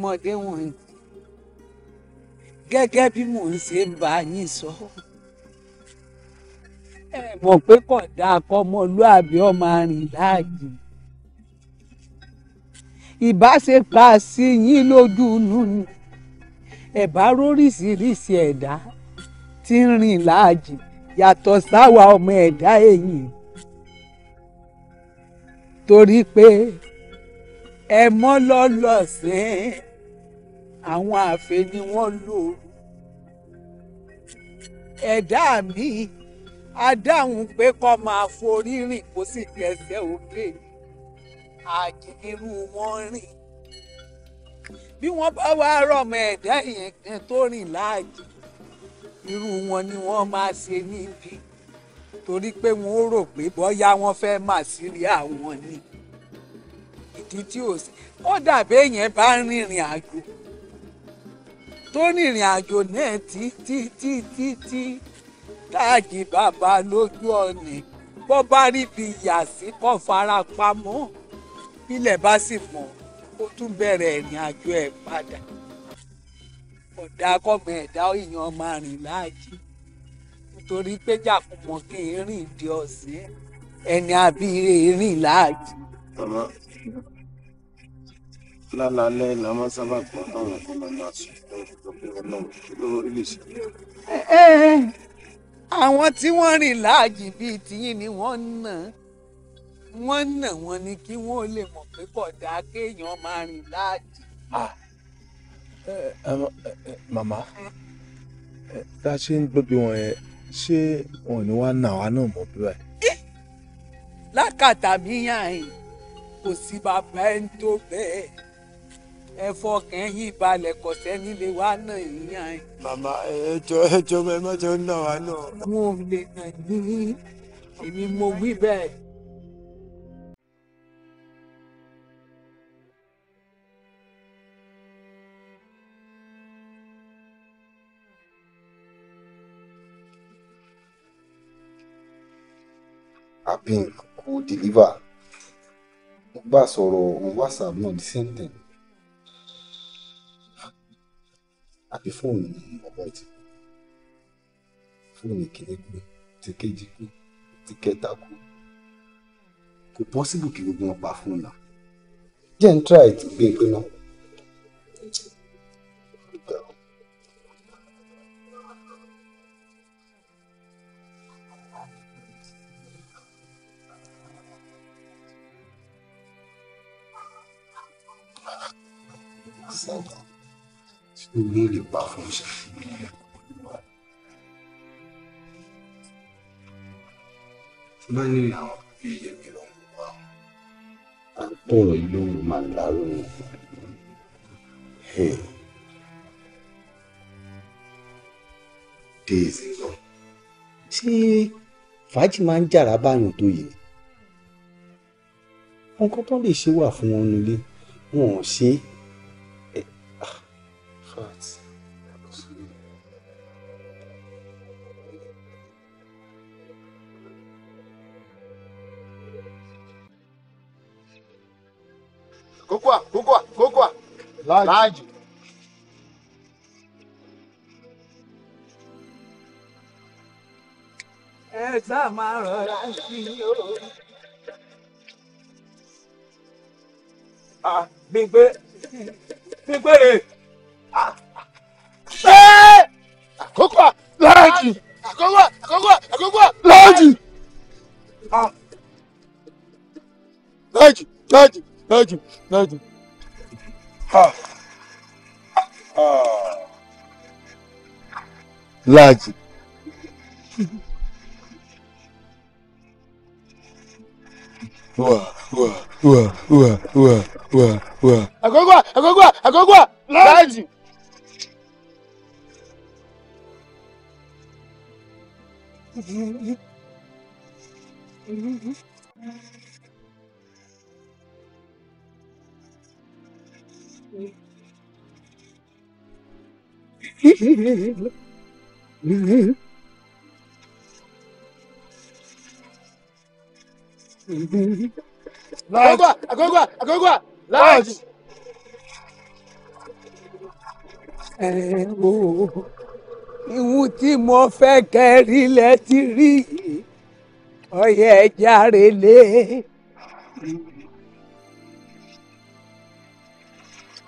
mọ̀dé wọ̀nyí gẹ́gẹ́ bí mò ń ṣe bá yín sọ ẹ mọ̀ pé kódà kọ́mọlúàbí ọmọ arìnláàjì ìbáṣepà sí yín lójú inú ni ẹ̀bá róríṣiríṣi ẹ̀dá tí ń rìn láàjì yàtọ̀ sáwa ọmọ ẹ̀dá ẹ̀yìn torí pé ẹ mọ́ lọ́lọ́sẹ̀ àwọn àfẹ́ ni wọ́n lò ẹ̀dá mi adáhùn pé kọ́ máa forí rìn kó sì kẹsẹ̀ òkè. Okay àjìnirú wọn rìn bí wọ́n bá wá rọ̀mọ ẹ̀dá yẹn kan tó rìn láàjì irú wọn ni wọ́n máa ṣe níbi torí pé wọ́n ó rò pé bọ́yá wọ́n fẹ́ máa sírí àwọn ni ìdí tí ò sí ó dàbí èèyàn bá ń rìnrìn àjò tó rìnrìn àjò náà tí tí tí tí tí táàjì bàbá lójú ọ̀nì bọ́ bá rí bí yà sí kọ́ fara pamọ́ bílẹ̀ bá sì mọ́ ó tún bẹ̀rẹ̀ ìrìn àjò ẹ̀ padà ọ̀dà akọ́gbìn ẹ̀dá èèyàn máa rìn láàjì nítorí pé jàkùmọ̀ kí n rìn di ọ̀sìn ẹni àbíire rìn láàjì. màmá lálálẹ́ la máa sábà gbọ́ táwọn ọkọ máa máa sùn lórí ọlọ́run ilé ìsìn. àwọn tí wọ́n rìn láàjì bíi tiyín ni wọ́n ń nà wọ́n nà wọ́n ní kí wọ́n lè mọ̀ pé kódà kéèyàn máa rìn láàjì. màmá tá a ṣe ń gbóbi wọn yẹn ṣé wọn ò ní wá nà wá náà mọ̀ bí báyìí. lákàtà mi yàn yín kò sí bàbá ẹni tó bẹ́ẹ̀ ẹ fọkàn yín balẹ̀ kò sẹ́ni lè wá náà yíyan ẹ. màmá ẹjọ ẹjọ ẹ má jẹun náà wá náà. wọn ò lè nà ní èmi mo wí bẹ́ẹ̀. abeg go deliver mo bá sọ̀rọ̀ on whatsapp náà the same thing àbí fóònù ọ̀bọ̀ ẹ̀ ti kú fóònù ìkíní kú ti kejì kú ti kẹta kú kò pọ́sibù kí gbogbo wọn pa fóònù náà jẹ́ n try it. gbé e pé náà. ló lè pa fún iṣẹ́. tí bá ni. days lọ. ṣé fàájì máa ń jàrá báyọ̀ tó yìí nǹkan tó lè ṣe wà fún wọn nílé wọn ò ṣe láàjì. ẹ sá máa rọra sí i o. Gbígbé Gbígbé rè ṣé àkókò láàjì àkókò àkókò àkókò láàjì. Láàjì láàjì láàjì láàjì láàjì. wà wà wà wà wà wà wà. àgọ́gbà àgọ́gbà àgọ́gbà láàjì. Mm-hmm. Agogua, agogua, agogua, large. Ẹ wo ìwú tí mo fẹ́ kẹrí lẹ ti rí ọyẹ ẹja relé.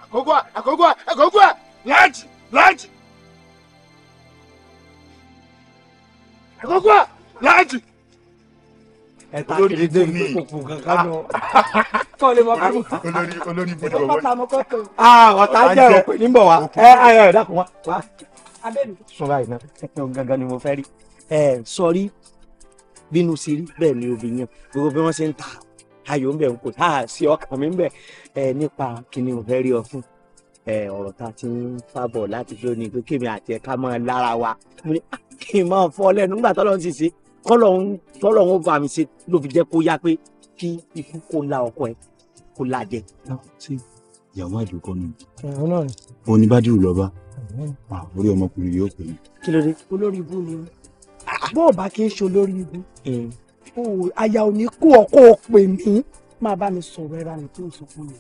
Agogua, agogua, agogua, large, large. àkókò láàjì. ẹ ta kiri dé ní kòkò kankan nù. kọ́ lè mọ kánú. olórí olórí ibùdó ọwọ́. ọ̀tá mọ kọ́ tó. Ah, ọ̀tá jẹ́ òpè níbọ̀ wá. ẹ ayọ̀ ẹ̀ dákun wá. sọlá yìí náà gangan ni mo fẹ́ rí. ẹ sọrí bínú sí rí bẹ́ẹ̀ ni obìnrin gbogbo bí wọ́n ṣe ń ta ayò ń bẹ̀ ń kò tá a sí ọkàn mi ń bẹ̀ ẹ nípa kí ni mo fẹ́ rí ọ fún ọ̀rọ̀ tá a ti ń fàbọ̀ láti jó ni pé kémi àti ẹ̀ka máa lára wa ah, kí n máa fọ́ lẹ́nu nígbà tọ́lọ́run ti ṣe tọ́lọ́run ó bá mi ṣe ló fi jẹ́ kó yá pé kí ikú kó la ọkọ ẹ kó la jẹ. ṣé ìyàwó àjòkọ ni. òun bá dìrù lọ bá orí ọmọkùnrin yóò pè é. kí ló dé. olórí ibú ni ah, ah. bọ́ọ̀ bá kí n ṣe olórí ibú eh. aya ò kó ọ pè mí máa bá mi sọ̀rọ̀ ẹ̀rọ àrùn tí mo sọ fún mi.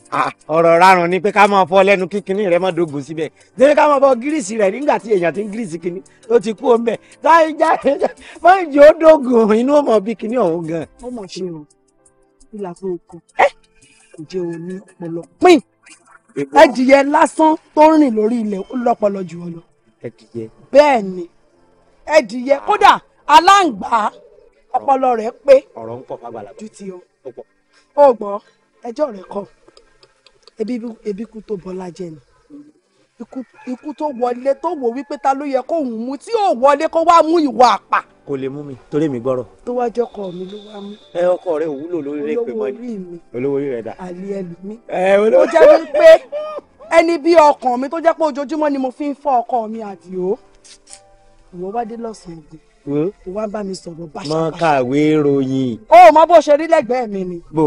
ọ̀rọ̀ rárun ni pé ká máa fọ lẹ́nu kí kinní rẹ má dogun síbẹ̀ débi ká máa bọ gírísì rẹ̀ nígbà tí èèyàn ti ń gírísì kinní ó ti kú omi ẹ̀ táyì já máa ń jẹ́ ó dogun inú ọmọ bí kinní ọ̀hún gan. ó mọ̀ ṣe o ìlà tó kọ kò jẹ́ o ní ọpọlọ pín ẹdìyẹ lásán tó ń rìn lórí ilẹ̀ ó lọ́pọlọ jù ọ lọ. ẹdìyẹ. ọpọlọ rẹ̀ pé ọ̀rọ̀ ń pọ̀ fagbalà ju ti ọ ó gbọ́ ẹjọ́ rẹ̀ kọ́ ebi kú tó bọ́lá jẹ́ ni ikú tó wọlé tó wò wípé ta ló yẹ kóun mú tí ò wọlé kó wá mú ìwà àpà. kò lè mú mi torí mi gbọ́rọ̀. tó wá jẹ́ ọkọ mi ló wá mú. ẹ ọkọ rẹ òwúlò lórí rẹ pé mọ́ni olówó orí rẹ dà. àlè ẹlòmí. ẹ ó jẹ́ wípé ẹni bí ọkàn mi tó jẹ́ pé ojoojúmọ́ ni mo fi ń fọ́ ọkọ mi àdìo ìwọ lọ́sàn-án o wá bá mi sọ̀rọ̀ báṣabáṣa. mọ kàwé ròyìn. ó mọ bó ṣe rí lẹ́gbẹ̀ẹ́ mi ni. bò.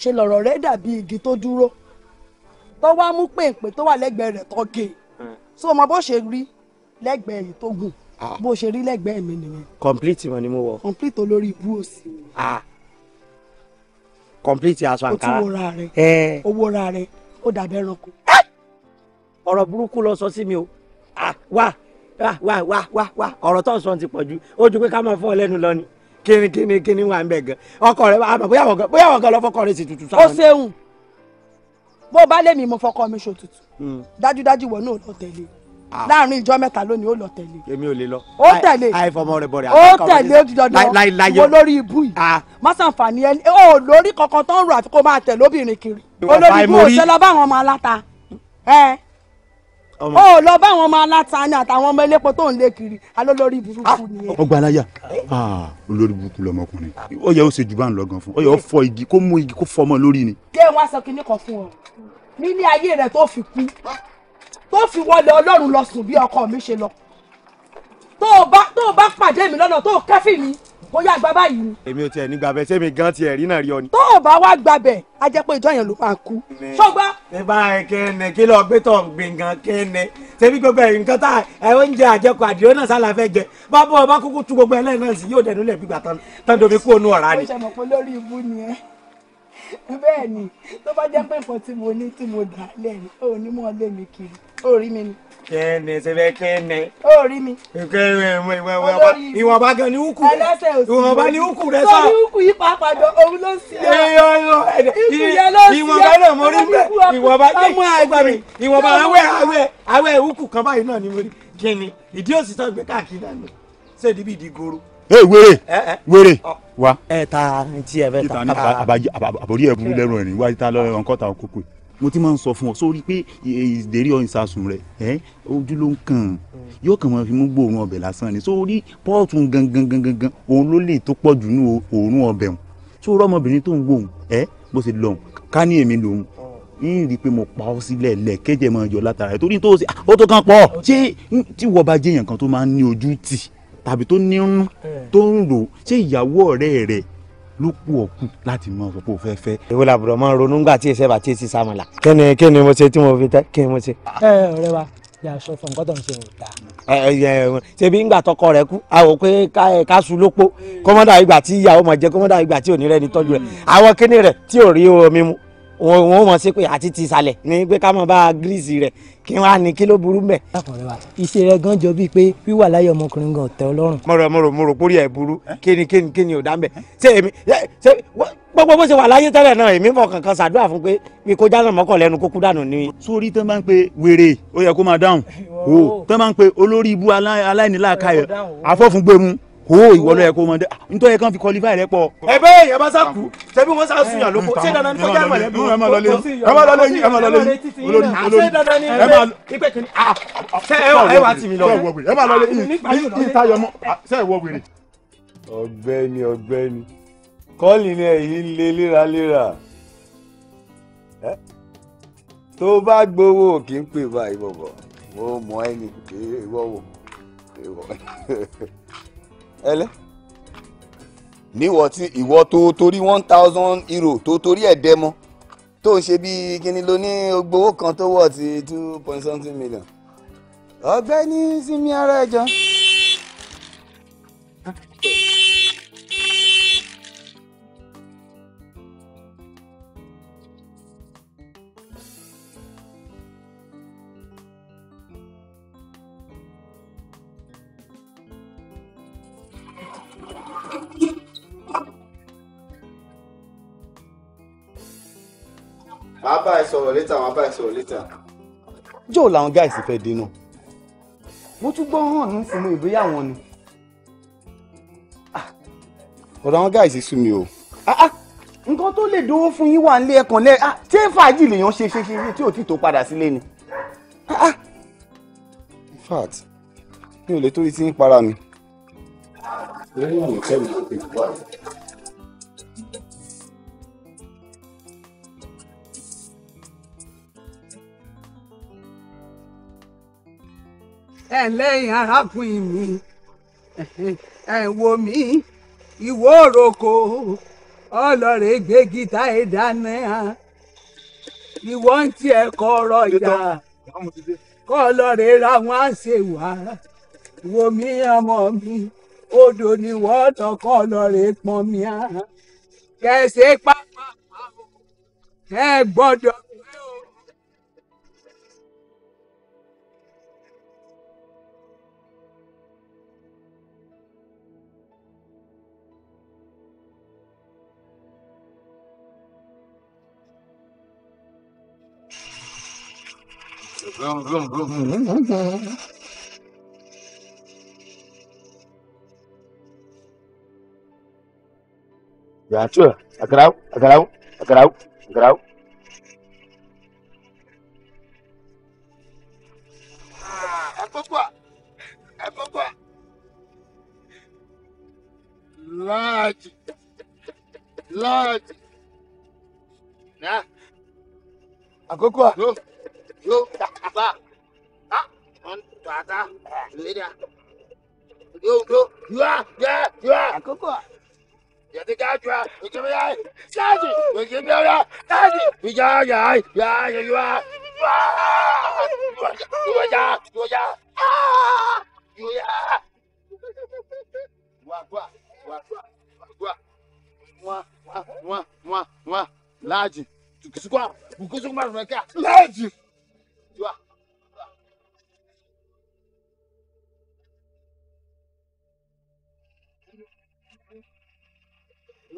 ṣe lọ̀rọ̀ rẹ dàbí igi tó dúró tó wá mú pèǹpè tó wà lẹ́gbẹ̀ẹ́ rẹ̀ tó gé hmm. so mọ bó ṣe rí lẹ́gbẹ̀ẹ́ yìí tó gùn ah. bó ṣe rí lẹ́gbẹ̀ẹ́ mi nìyẹn. complete wọn ni mo wọ. complete olórí ibú òsì. Ah. complete aṣọ àǹkárá. o tún wo rẹ o wo rẹ o dàbẹ̀ ẹranko. Ah! ọ̀rọ̀ burúkú ló sọ sí mi o wá wá ah, wá wá wá wá ọ̀rọ̀ tó ń sọ ti pọ̀ ju ó ju pé ká máa fọ́ ọ lẹ́nu lọ ni kíni kíni kíni wà ń bẹ̀ gan ọkọ rẹ àmọ́ bóyá wọ̀gán bóyá wọ̀gán lọ fọkọ rẹ sì tutù sáwọn. ó ṣeun bó bá lèmi mo fọkọ mi ṣòtútù hmm. dájúdájú ìwọ náà lọ tẹ̀lé ah. láàrin ìjọ mẹ́ta lónìí ó lọ tẹ̀lé. èmi ò lè lọ. ó tẹ̀lé àìfọmọ rẹ bọ̀rẹ̀ àkọ́kọ́ ó tẹ̀lé dandan mo lórí ibú yìí ah. má sànfàní ẹni ó lórí kankan tó ń rò àfi kó máa tẹ̀ lóbìnrin kiri olórí ibú òṣèlú ọba àwọn ọmọ aláta ó lọ bá àwọn ọmọ aláta ni àtàwọn ọmọ elépo tó ń lé kiri alólórí burúkú nìyẹn. Ah, ọgbà aláya ah, olórí burúkú lọmọkùnrin ó yẹ ó ṣe jù bá ń lọ gan fún ó yẹ ó fọ igi kó mú igi kó fọ ọmọ lórí ni. jẹ́ wá sọ kinní kan fún ọ nílé ayé rẹ tó fi kú tó fi wọlé ọlọ́run lọ sùn bí ọkọ mi ṣe lọ tó o bá pàdé mi lọ́nà tó o kẹ́fì mi kó yá gba báyìí ni. èmi ò tiẹ̀ ní gbàbẹ sẹ́mi gan tiẹ̀ rí náà rí ọ ni. tó o bá wá gbàbẹ a jẹ́ pé ìjọ yẹn ló máa kú. sọgbà. ẹ bá ẹ kẹ́ni kí lọ gbé tọ̀ gbìngàn kẹ́ni ṣebí gbogbo ẹ̀ nǹkan tá ẹ oúnjẹ àjẹkù àdìrẹ́ náà sálà fẹ́ jẹ bá ọba kúkú tú gbogbo ẹlẹ́yìn náà sí yóò dẹnu lẹ̀ gbígbà tán tán ni. ó ṣàmọ̀ pé ni ẹ bẹ́ẹ̀ ni tó bá jẹ́ pé nǹkan tí mo ní tí mo dà lẹ́yìn ó ní mọ́ lé mi kiri ó rí mi ni. kẹ́ni ṣe fẹ́ kẹ́ni. ó rí mi. ìwọ̀nba gan ni ukù rẹ ìwọ̀nba ni ukù rẹ sọ. sọ ni ukù yìí pàápàá jọ òun ló sì yọ. iye ọyọ ẹdẹ ìwọ̀nba náà mo rí bẹ ìwọ̀nba ọmọ àgbà mi ìwọ̀nba awẹ awẹ awẹ ukù kan báyìí náà ni mo rí kẹ́ni ìdí òsì tó gbé káàkiri náà ni ṣé ìdí bí ìdí goro. ee wèrè wèrè wa. ẹ ta ti ẹ fẹ ta. àbórí ẹ burú lẹ́rù ẹ̀rín wáyé ta lọ́rọ̀ ọ̀nkọ́ta ọ̀kọ́kọ́ yìí mo ti máa ń sọ fún ọ sórí pé eh, eh, ìdérí ìsasùn rẹ ẹ ojú ló ń kàn yóò kàn máa fi mú gbòòrùn ọbẹ̀ lásán ni sórí pọ́ọ̀tù gangan gangan gan òun ló lè tó pọ̀ jù ní òórùn ọbẹ̀ òun sórí ọmọbìnrin tó ń wò òun ẹ bó ṣe lọ òun ká ní èmi lòun ń rí i pé mo pa ọ sílẹ̀ lẹ́ẹ̀kẹ́jẹ́ máa yọ látara ẹ̀ torí tó ṣe ó tó kàn pọ̀ ṣé tí wọ́n bá jẹ́yàn kan tó máa ń ní ojú tì tàbí tó ní ń ló kù ọ̀kù láti mọ sọ pé o fẹ́ fẹ́. èwo la bùrọ̀ máa ń ronú nígbà tí èsè bá tí èsì sàmàlà. kíni kíni mo ṣe tí mo fi tẹ kíni mo ṣe. ẹ ẹ ọ̀rẹ́ wa yà sọ fún nǹkan tó ń ṣe ò dáa. ẹ ẹ ṣebí ńgbà tọkọ rẹ kú àwọn pé káṣu ló pọ̀ kọ́mọ́dà ìgbà tí ìyàwó máa jẹ kọ́mọ́dà ìgbà tí ò ní rẹ ní tọ́jú rẹ àwọn kíní rẹ tí ò rí omi mu wọn ò mọ̀ sí pé àti ti ìsàlẹ̀ ní pé ká mọ̀ bá gírísì rẹ̀ kí wọ́n á ní kí ló burú mbẹ̀. ìṣe rẹ gan jọ bíi pé wíwà láyé ọmọkùnrin gan tẹ́ ọ lọ́rùn. mo rò mo rò mo rò pórí ẹ burú kíni kíni kíni ò dá mbẹ ṣé èmi ṣé gbogbo bó ṣe wà láyé tẹ́lẹ̀ náà èmi mọ̀ kankan ṣàdúrà fún pé pé kó jáná mọ́kàn lẹ́nu kó kú dànù ni. sórí tán bá ń pe wèrè ó yẹ kó máa dáhùn o tán ń pe olórí ibú aláìníláàká o ìwọ ló yẹ kó mọ dé ah, nítorí kan fi qualify rẹ pọ. ẹ bẹ́ẹ̀ yẹn bá sá kú ṣebí wọ́n sá sunyàn lóko ṣé dandan ni kọjá mọ̀lẹ́bí wọn. ẹ má lọ lé yín ẹ má lọ lé yín ẹ má lọ lé yín olórí olórí ẹ má ipe kìíní ah ṣe ẹ wà ẹ wà tì mí lọ. ẹ má lọ lé yín yín táyọ mọ ṣe ẹ wọ ah, wèrè. ọ̀gbẹ́ni ọ̀gbẹ́ni kọ́ọ̀lì ni ẹ̀yìn lé léraléra tó bá gbowó kì í pè báyìí bọ̀bọ̀ mo mọ ẹni ìwọ wò ìwọ. ẹlẹ́ níwọ̀ tí ìwọ tó torí one thousand euro tó torí ẹ̀ dẹ́ mọ́ tó ń ṣe bíi kíni ló ní gbowó kan tó wọ̀ ti two point something million ọ̀gbẹ́ni sinmi ara ẹ̀jọ̀. sọ̀rọ̀ létà àwọn abáyé sọ̀rọ̀ létà. jọ́ làwọn gáàsì fẹ́ dínà mo tún gbọ́ hàn ní sinmi ìbóyá wọn ni. Ah, ọ̀rọ̀ àwọn gáàsì sú mi o. Ah, ah, nǹkan tó lè dúró fún yín wà nílé ẹ̀kan lẹ́ẹ̀ ṣé fàájì lèèyàn ṣe ṣe ṣe tí ò tí tó padà sílé ni. in fact mi ò lè torí tí ń para mi. lẹ́yìn ìkẹ́mi kò tètè wá. ẹ lẹ́yìn arákùnrin mi ẹ wo mi ìwọ òròkò ọlọ́rẹ̀ gbé gíta ìdáná ìwọ ń tiẹ̀ kọ́ ọ̀rọ̀ ìjà kọ́ ọlọ́rẹ̀ ra wọn á ṣe wá wo mi ọmọ mi odò ni wọ́n tọkọ́ ọlọ́rẹ̀ pọn mi á kẹsẹ̀ pápá ẹ gbọ́dọ̀. Vroom, vroom, vroom. Ya ce, ah, a garau, a garau, a garau, a garau. Large, large. Nah. Àkókò à. Ìlédà. Yóò yóò yá yá. Àkókò. Yàtí káàtù à, ìjọba yá ẹ̀. Káàtì, òjì ń bẹ́ẹ̀ rà. Káàtì, ìjà yà á yà á yà yà á. Yóò yá yóò yá yóò yá. Wà gbà wà gbà wà gbà. Wà wà wà wà wà láàjì. Tùkùsùkọ̀ àbùkùsùkọ̀ márùn-ún ẹ̀ka. Láàjì. Yóò.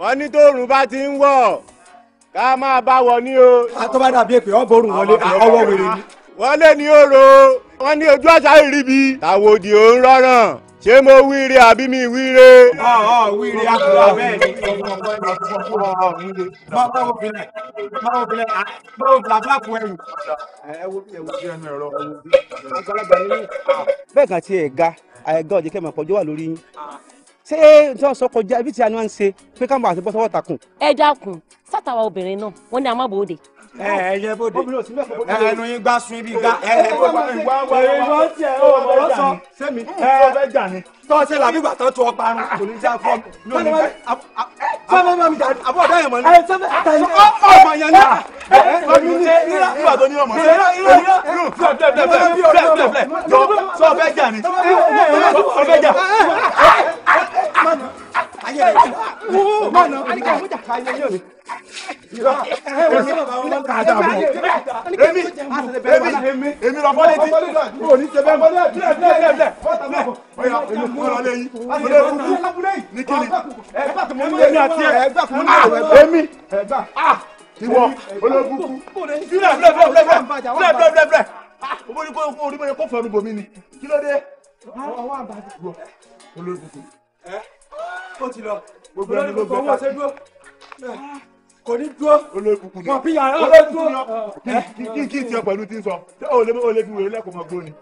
wọ́n ní tóòrùn bá ti ń wọ̀ ká máa bá wọ ní o. tó bá dàbí èpè wọ́n borùn wọlé ọwọ́ wèrè ni. wọ́n lé ní oró wọ́n ní ojú àṣà ìrìbí. tàwòdì ò ń rọ́ràn ṣé mo wíire àbí mi wíire. ọ̀ọ́ wíire àkùrọ̀ bẹ́ẹ̀ ni báwo filẹ̀ báwo filẹ̀ báwo filẹ̀ abúlákùn ẹ̀rù. ẹ wo bí ẹ wo bí ẹnu ẹ̀rọ ọ̀hún bí. bẹ́ẹ̀ kàn ti ẹ̀ ga àìga ọ̀jẹ̀kẹ́ mọ̀ pọ̀jọ́ wà lórí yín ṣé tí wọn sọ kọjá ibi tí a ní wọn ń ṣe pé káwọn àti bọ́sọ́wọ́ takùn. ẹ dákun sátàwá obìnrin náà wọn ní amábòde ẹyẹ bóde ẹnu yín gbá sun ibi gbá ẹyẹ bóde ìwọ tí ẹ ọ bọ sọ sẹmi ẹ ọbẹ jà ni. tọ́ ṣe làbí ìgbà tó tu ọgbà arun kò ní já fún ọ mi. sọ́fẹ́ máa mi jà àbọ̀ ọ̀dọ́ yẹn mọ́ ni. ọmọ yẹn ni ọmọ yẹn ni ìgbà tó ní ọmọ sí. filẹ filẹ filẹ filẹ filẹ lọ sọ ọbẹ jà ni ọbẹ jà ayé rẹ wò ó má nà àníkà àmújà ayé yóò ní. Èmi èmi èmi èmi lọ fọ́lé tí. O ní sẹ́fẹ́ fọ́lé bílẹ̀ bílẹ̀ bílẹ̀ bílẹ̀. Oya èmi kú lọ léyìn. Mo lè kú ní kíni. Èmi àti ẹ̀ èmi ìwọ olóògùn kú. Bílẹ̀ bílẹ̀ bílẹ̀ bílẹ̀ bílẹ̀ bílẹ̀ bílẹ̀. Owó ni kò orí mi kò fẹ́ràn bomi ni. Kí ló dé? Ọwọ́ àbájá. Olóògùn kú ó ti lọ olórí gbogbo owó ṣe dúró kò ní dúró olóògùnkùn náà bí yàrá ó dúró kí kí tiẹ̀ pẹ̀lú ti ń sọ ó lè ó lè fi wèrè lẹ́kọ̀ọ́ mọ́ gbó ni.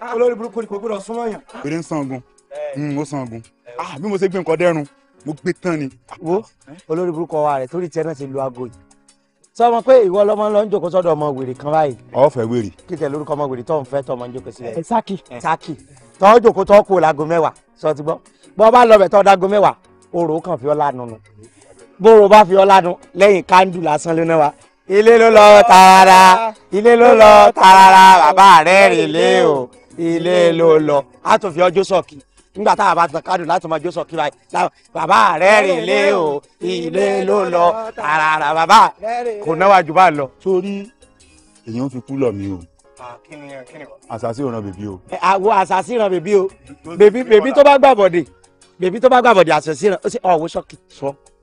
Ah, olórí burúkú ni kò gbọdọ̀ súnmọ́ yàn. péré ń sangun hmm, ó sangun ah, bí mo ṣe gbé nǹkan dẹ́rùn mo gbé tán ni. wo olórí burúkú wa rẹ torí tiẹ̀ náà ti lu aago yìí sọmọ pé ìwọ lọmọ lọ ń jókòó sọ́dọ̀ ọmọ wèrè kan báyìí. ọfẹ wèrè. kí tẹ lórúkọ ọmọ wèrè tó ń fẹ́ tó ọmọ ń jókòó sílẹ̀. saki saki tọ́ jòkó tọ́ kó lago mẹ́wàá sọ ti gbọ́ bọ́ bá lọ bẹ̀ tọ́ dago mẹ́wàá orò kàn fi ọ́ lanu nu bóró bá fi ọ́ lanu lẹ́yìn kándù lásán lónà wa ilé ló lọ tààrà ilé ló lọ tààrà bàbá rẹ̀ rìn lé o ilé ló lọ á tún fi ọjọ́ sọ̀kì nígbà tá bá tàn kádùn láti máa jó sọ̀kì báyìí bàbá rẹ̀ rìn lé o ilé ló lọ tààrà bàbá kò náwó àjùbá lọ. sórí èèyàn fi kú lọ mi o àṣàṣì ìran bèbí o. àwo àṣàṣì ìran bèbí o bèbí bèbí tó bá gbàbọ̀dè bèbí tó bá gbàbọ̀dè àṣàṣì ìran ó sì ọ̀wọ́ oh, sọ́kì.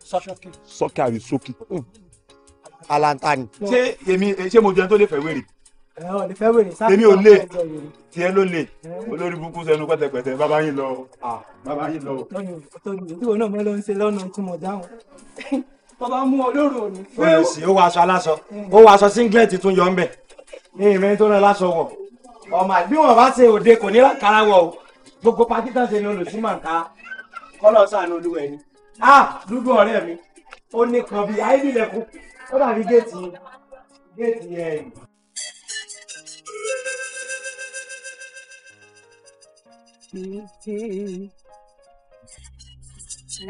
sọ́kì sọ́kì àbí sọ́kì. Hmm. alantani. ṣé èmi ṣé mo jẹun tó lè fẹ́ wèrè. èmi ò lè tiẹ̀ ló lè olórí burúkú sẹnu pẹ́tẹpẹ́tẹ bàbá yín lọ bàbá yín lọ. ìdíwọ̀ náà mo lọ ń ṣe lọ́nà tí mo dáhùn tọ́ba mú ọ lóru òní. o lè ṣe ó wọ aṣọ aláṣọ eh. ó wọ aṣọ singlet tún yọ ń bẹ̀ ní ìrìn tó rán láṣọ wọ̀ ọmọ bí wọn bá ṣe òde kò ní láǹkárá wọ o gbogbo pakistan ṣe ni olùsí kọ́lọ̀ sànù olúwa ẹni. a dúdú ọ̀rẹ́ mi ó ní kan bíi àìdílẹ̀kùn ó dàbí géètì géètì ẹ̀yìn.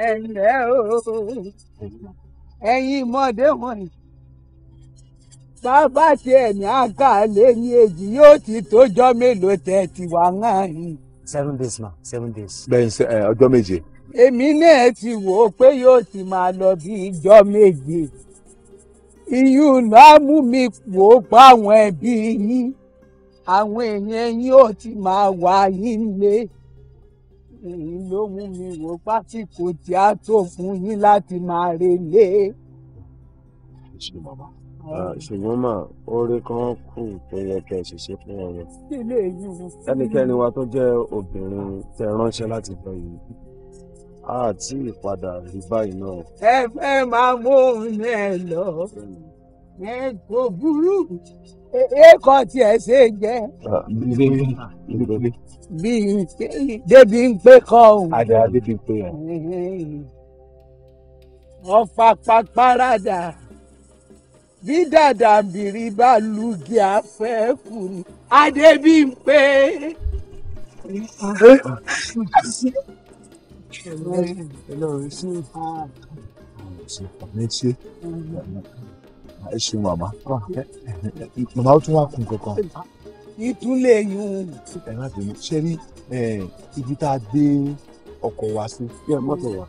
ẹ̀ǹdẹ̀ o ẹ̀yin mọ̀ọ́dé mọ̀ọ́nì bàbá tiẹ̀ ní àgà lẹ́yìn èjì yóò ti tójọ́ mélòó tẹ̀ ti wà hàn yín. seven days ma seven days. bẹ́ẹ̀ ṣe ọjọ́ méje. èmi náà ti wò ó pé yóò ti máa lọ bí ijọ́ méje iyún náà mú mi wò ó pa àwọn ẹbí yín àwọn èèyàn yín ò ti máa wà yín lé èyí ló mú mi wò ó pásítọ̀ tí a tó fún yín láti máa relé. ẹ ṣe bàbá ṣùgbọ́n mà oore kan kù tó yẹ kẹ́ ẹ ṣiṣẹ́ fún ọ̀rọ̀. ẹnikẹ́ni wa tó jẹ́ obìnrin tẹ ránṣẹ́ láti bẹ̀ yìí àti ìpadà rí báyìí náà. ẹ fẹ́ máa mú òun ẹ lọ ẹ kò burú èèkàn tiẹ̀ ṣe é jẹ́. bí débi ń pé kọ́ òun. àdá débi ń pé ọ. wọ́n fa pa párádà. Pa, bí dàdàbìrì bá lùgì afẹ́kù ni adébímpé. ẹ ṣe màmá màmá ó tún wá kun kankan. ìtúlẹ̀ yún. ẹ má bínú ṣe rí ibi tá a dé ọkọ̀ wa sí. bí ẹ mọ́tò wa.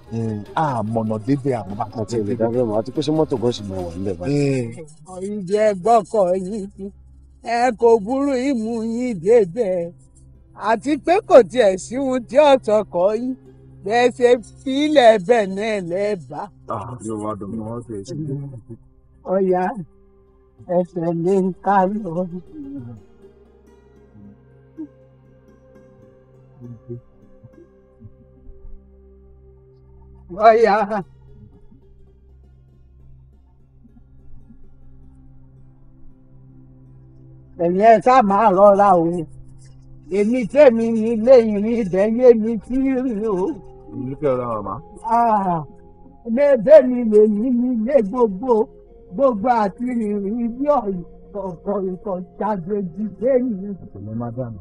àmọ̀nà dédé àmọ́ bá kàn tẹ̀lé. àti ìdájọ́ mọ̀ àti pé ṣé mọ́tò kan sì máa wà nílẹ̀ báyìí. ǹjẹ́ gbọ́kọ̀ yín ẹ kò burú ìmú yín débẹ̀ àti pé kò tiẹ̀ síhun tí ọ̀tọ̀ kọ́ yín bẹ́ẹ̀ ṣe fílẹ̀ bẹ́ẹ̀ náà lẹ́ẹ̀bà. yóò ẹsẹ̀ lè ká lọ. Vaya. Ah. Ẹ̀yin ẹ sá máa rọra o. Èmi tèmi ní ilé ìrìn ibẹ̀ mi tí o. Èmi kẹ́ ọ̀rọ̀ màmá. Ilé ah, tèmi lèmi ní ilé gbogbo gbogbo àti ìrìn bí ọ̀kọ̀ọ̀kọ̀ ìkọ̀jáde jí tèmi. Èmi máa dànù.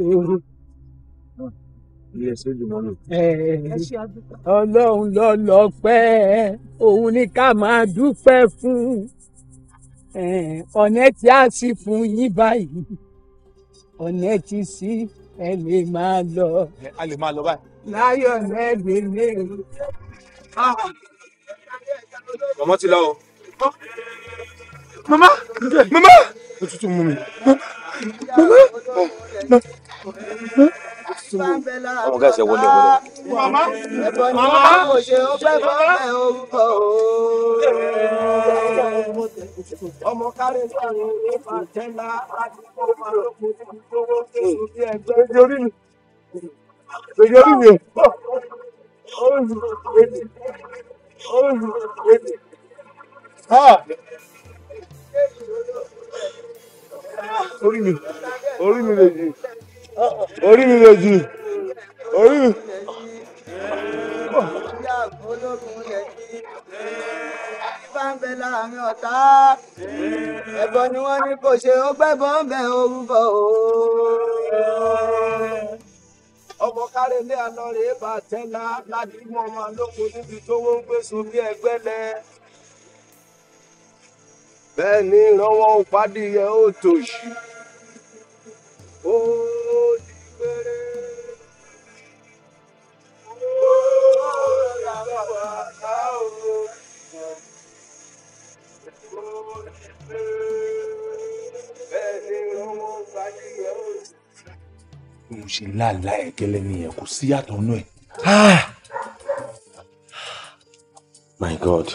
ọlọ́run ló lọ́pẹ́ òun ni ká máa dúpẹ́ fún ọ̀nà tí a sì fún yín báyìí ọ̀nà tí sí ẹ lè máa lọ. a lè máa lọ báyìí. láyọ̀ ẹ lè lè. mọ̀mọ́ ti lọ o. mama mama. òtútù mú mi mama ọmọ gáàsì ẹ wọlé wọlé. mama mama o ṣe o fẹ́ fọ́ ẹ orúkọ o. ọmọ kárí sáré nípa tẹ́lá láti kó máa lọ kó tó lówó tó ẹgbẹ́. lójú orí mi lójú orí mi o ojú ètè ojú ètè. orí mi orí mi lè jù. Ori mi lè jì ori mi. bá ń bẹ láàrin ọ̀tá ẹbọ ni wọ́n ní kò ṣe ó bẹ o. ọmọ kárẹ́lé àná rèé bá tẹ́lá láti mú ọmọ níbi tó ṣe láàlá ẹ̀kẹ́lẹ́ nìyẹn kò sí yàtọ̀ nú ẹ̀. Ah! my god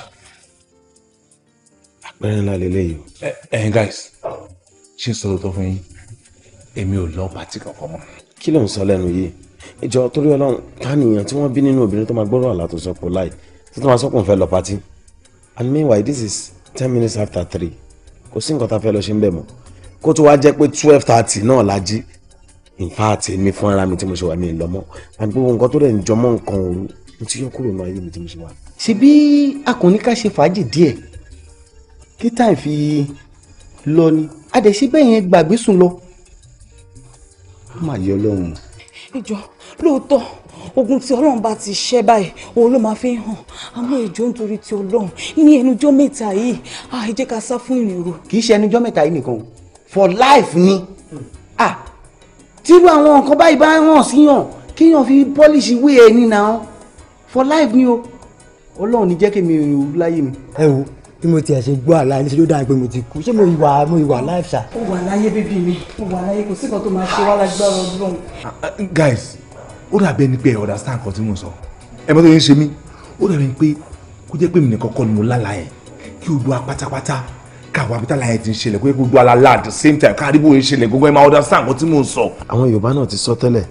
àpẹẹrẹ ńlá lélẹ́yìí. ẹ ẹ eh, eh, guys ṣé n sọ̀rọ̀ tó fún yín èmi ò lọ pàtí kankan mọ́. kí ló ń sọ lẹ́nu yìí ìjọ torí ọlọ́run káníyàn tí wọ́n bí nínú obìnrin tó máa gbọ́rọ̀ àlá tó sọ pọ̀ láì tó tó máa sọ pé òun fẹ́ lọ pàtí. and meanwhile this is ten minutes after three kò sí nǹkan tá a fẹ́ lọ ṣe ń bẹ̀ mọ́ kó tó wá jẹ́ pé twelve thirty náà la jí in fact èmi fún ara mi tí mo ṣe wà mí lọ mọ́ and gbogbo nǹkan tó rẹ̀ ń jọmọ́ nǹkan òru mo ti yọ kúrò náà ayé mi tí mo ṣe wà. ṣebí a kò ní ká ṣe fàájì díẹ̀ kí táì fi lọ ni a dẹ̀ ṣe bẹ́ẹ̀ yẹn gbàgbé sùn lọ má yọ lọ́hùn. ìjọ lóòótọ́ ogun tí ọlọ́run bá ti ṣẹ́ báyìí òun ló máa fi ń hàn àmọ́ ìjọ nítorí ti ọlọ́run ní ẹnujọ́ mẹ́ta yìí àì jẹ́ ká sá fún ìrìnrò. kì í ṣe ẹnujọ́ mẹ́ta yìí nìkan for life ni tírú àwọn nǹkan báyìí bá hàn síyàn kíyàn fi pọ́líṣì wé ẹni náà for life ni o ọlọ́run ní jẹ́ kí mi rìn òru láyé mi. ẹ wo bí mo tiẹ̀ ṣe gbọ́ àlá ẹni ṣe ló dáa pé mo ti kú ṣé mo ìwà mo ìwà láìpẹ́ ṣá. O wà láyé bíbí mi o wà láyé kò sí kan tó máa ṣe wá lágbára ọdún. Ah, ah, guys ó dàbí ẹni pé ẹ understand nǹkan tí mo sọ ẹ mọ́tò yẹn ń ṣe mí ó dàbí pé kó jẹ́ pé mi nìkan kọ́ ni mo lálàá yẹn kí o dùn apátápátá káwọn abita láyé ti ń ṣẹlẹ̀ kó yẹ kó dùn alálà at the same time káàdì bó ń ṣẹlẹ̀ gbogbo ẹ máa understand nǹkan tí mo sọ. àwọn yorùbá náà ti sọ tẹ́lẹ̀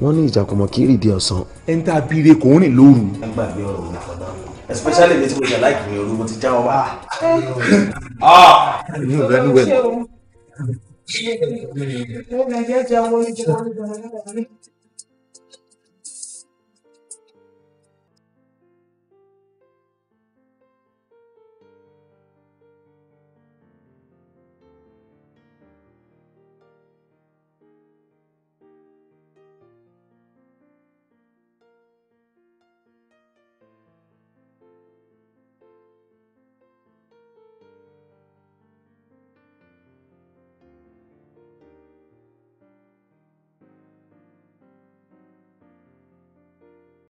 wọ́n ní ìjàkùmọ̀ kí èrè di ọ̀sán. ẹni tá a bí ire kò ń rìn lóru. ẹ gbàgbé especially ibi tí mo ṣe láìpẹ́ ní olúwo ti já wọn wá. Ṣé o ṣe o?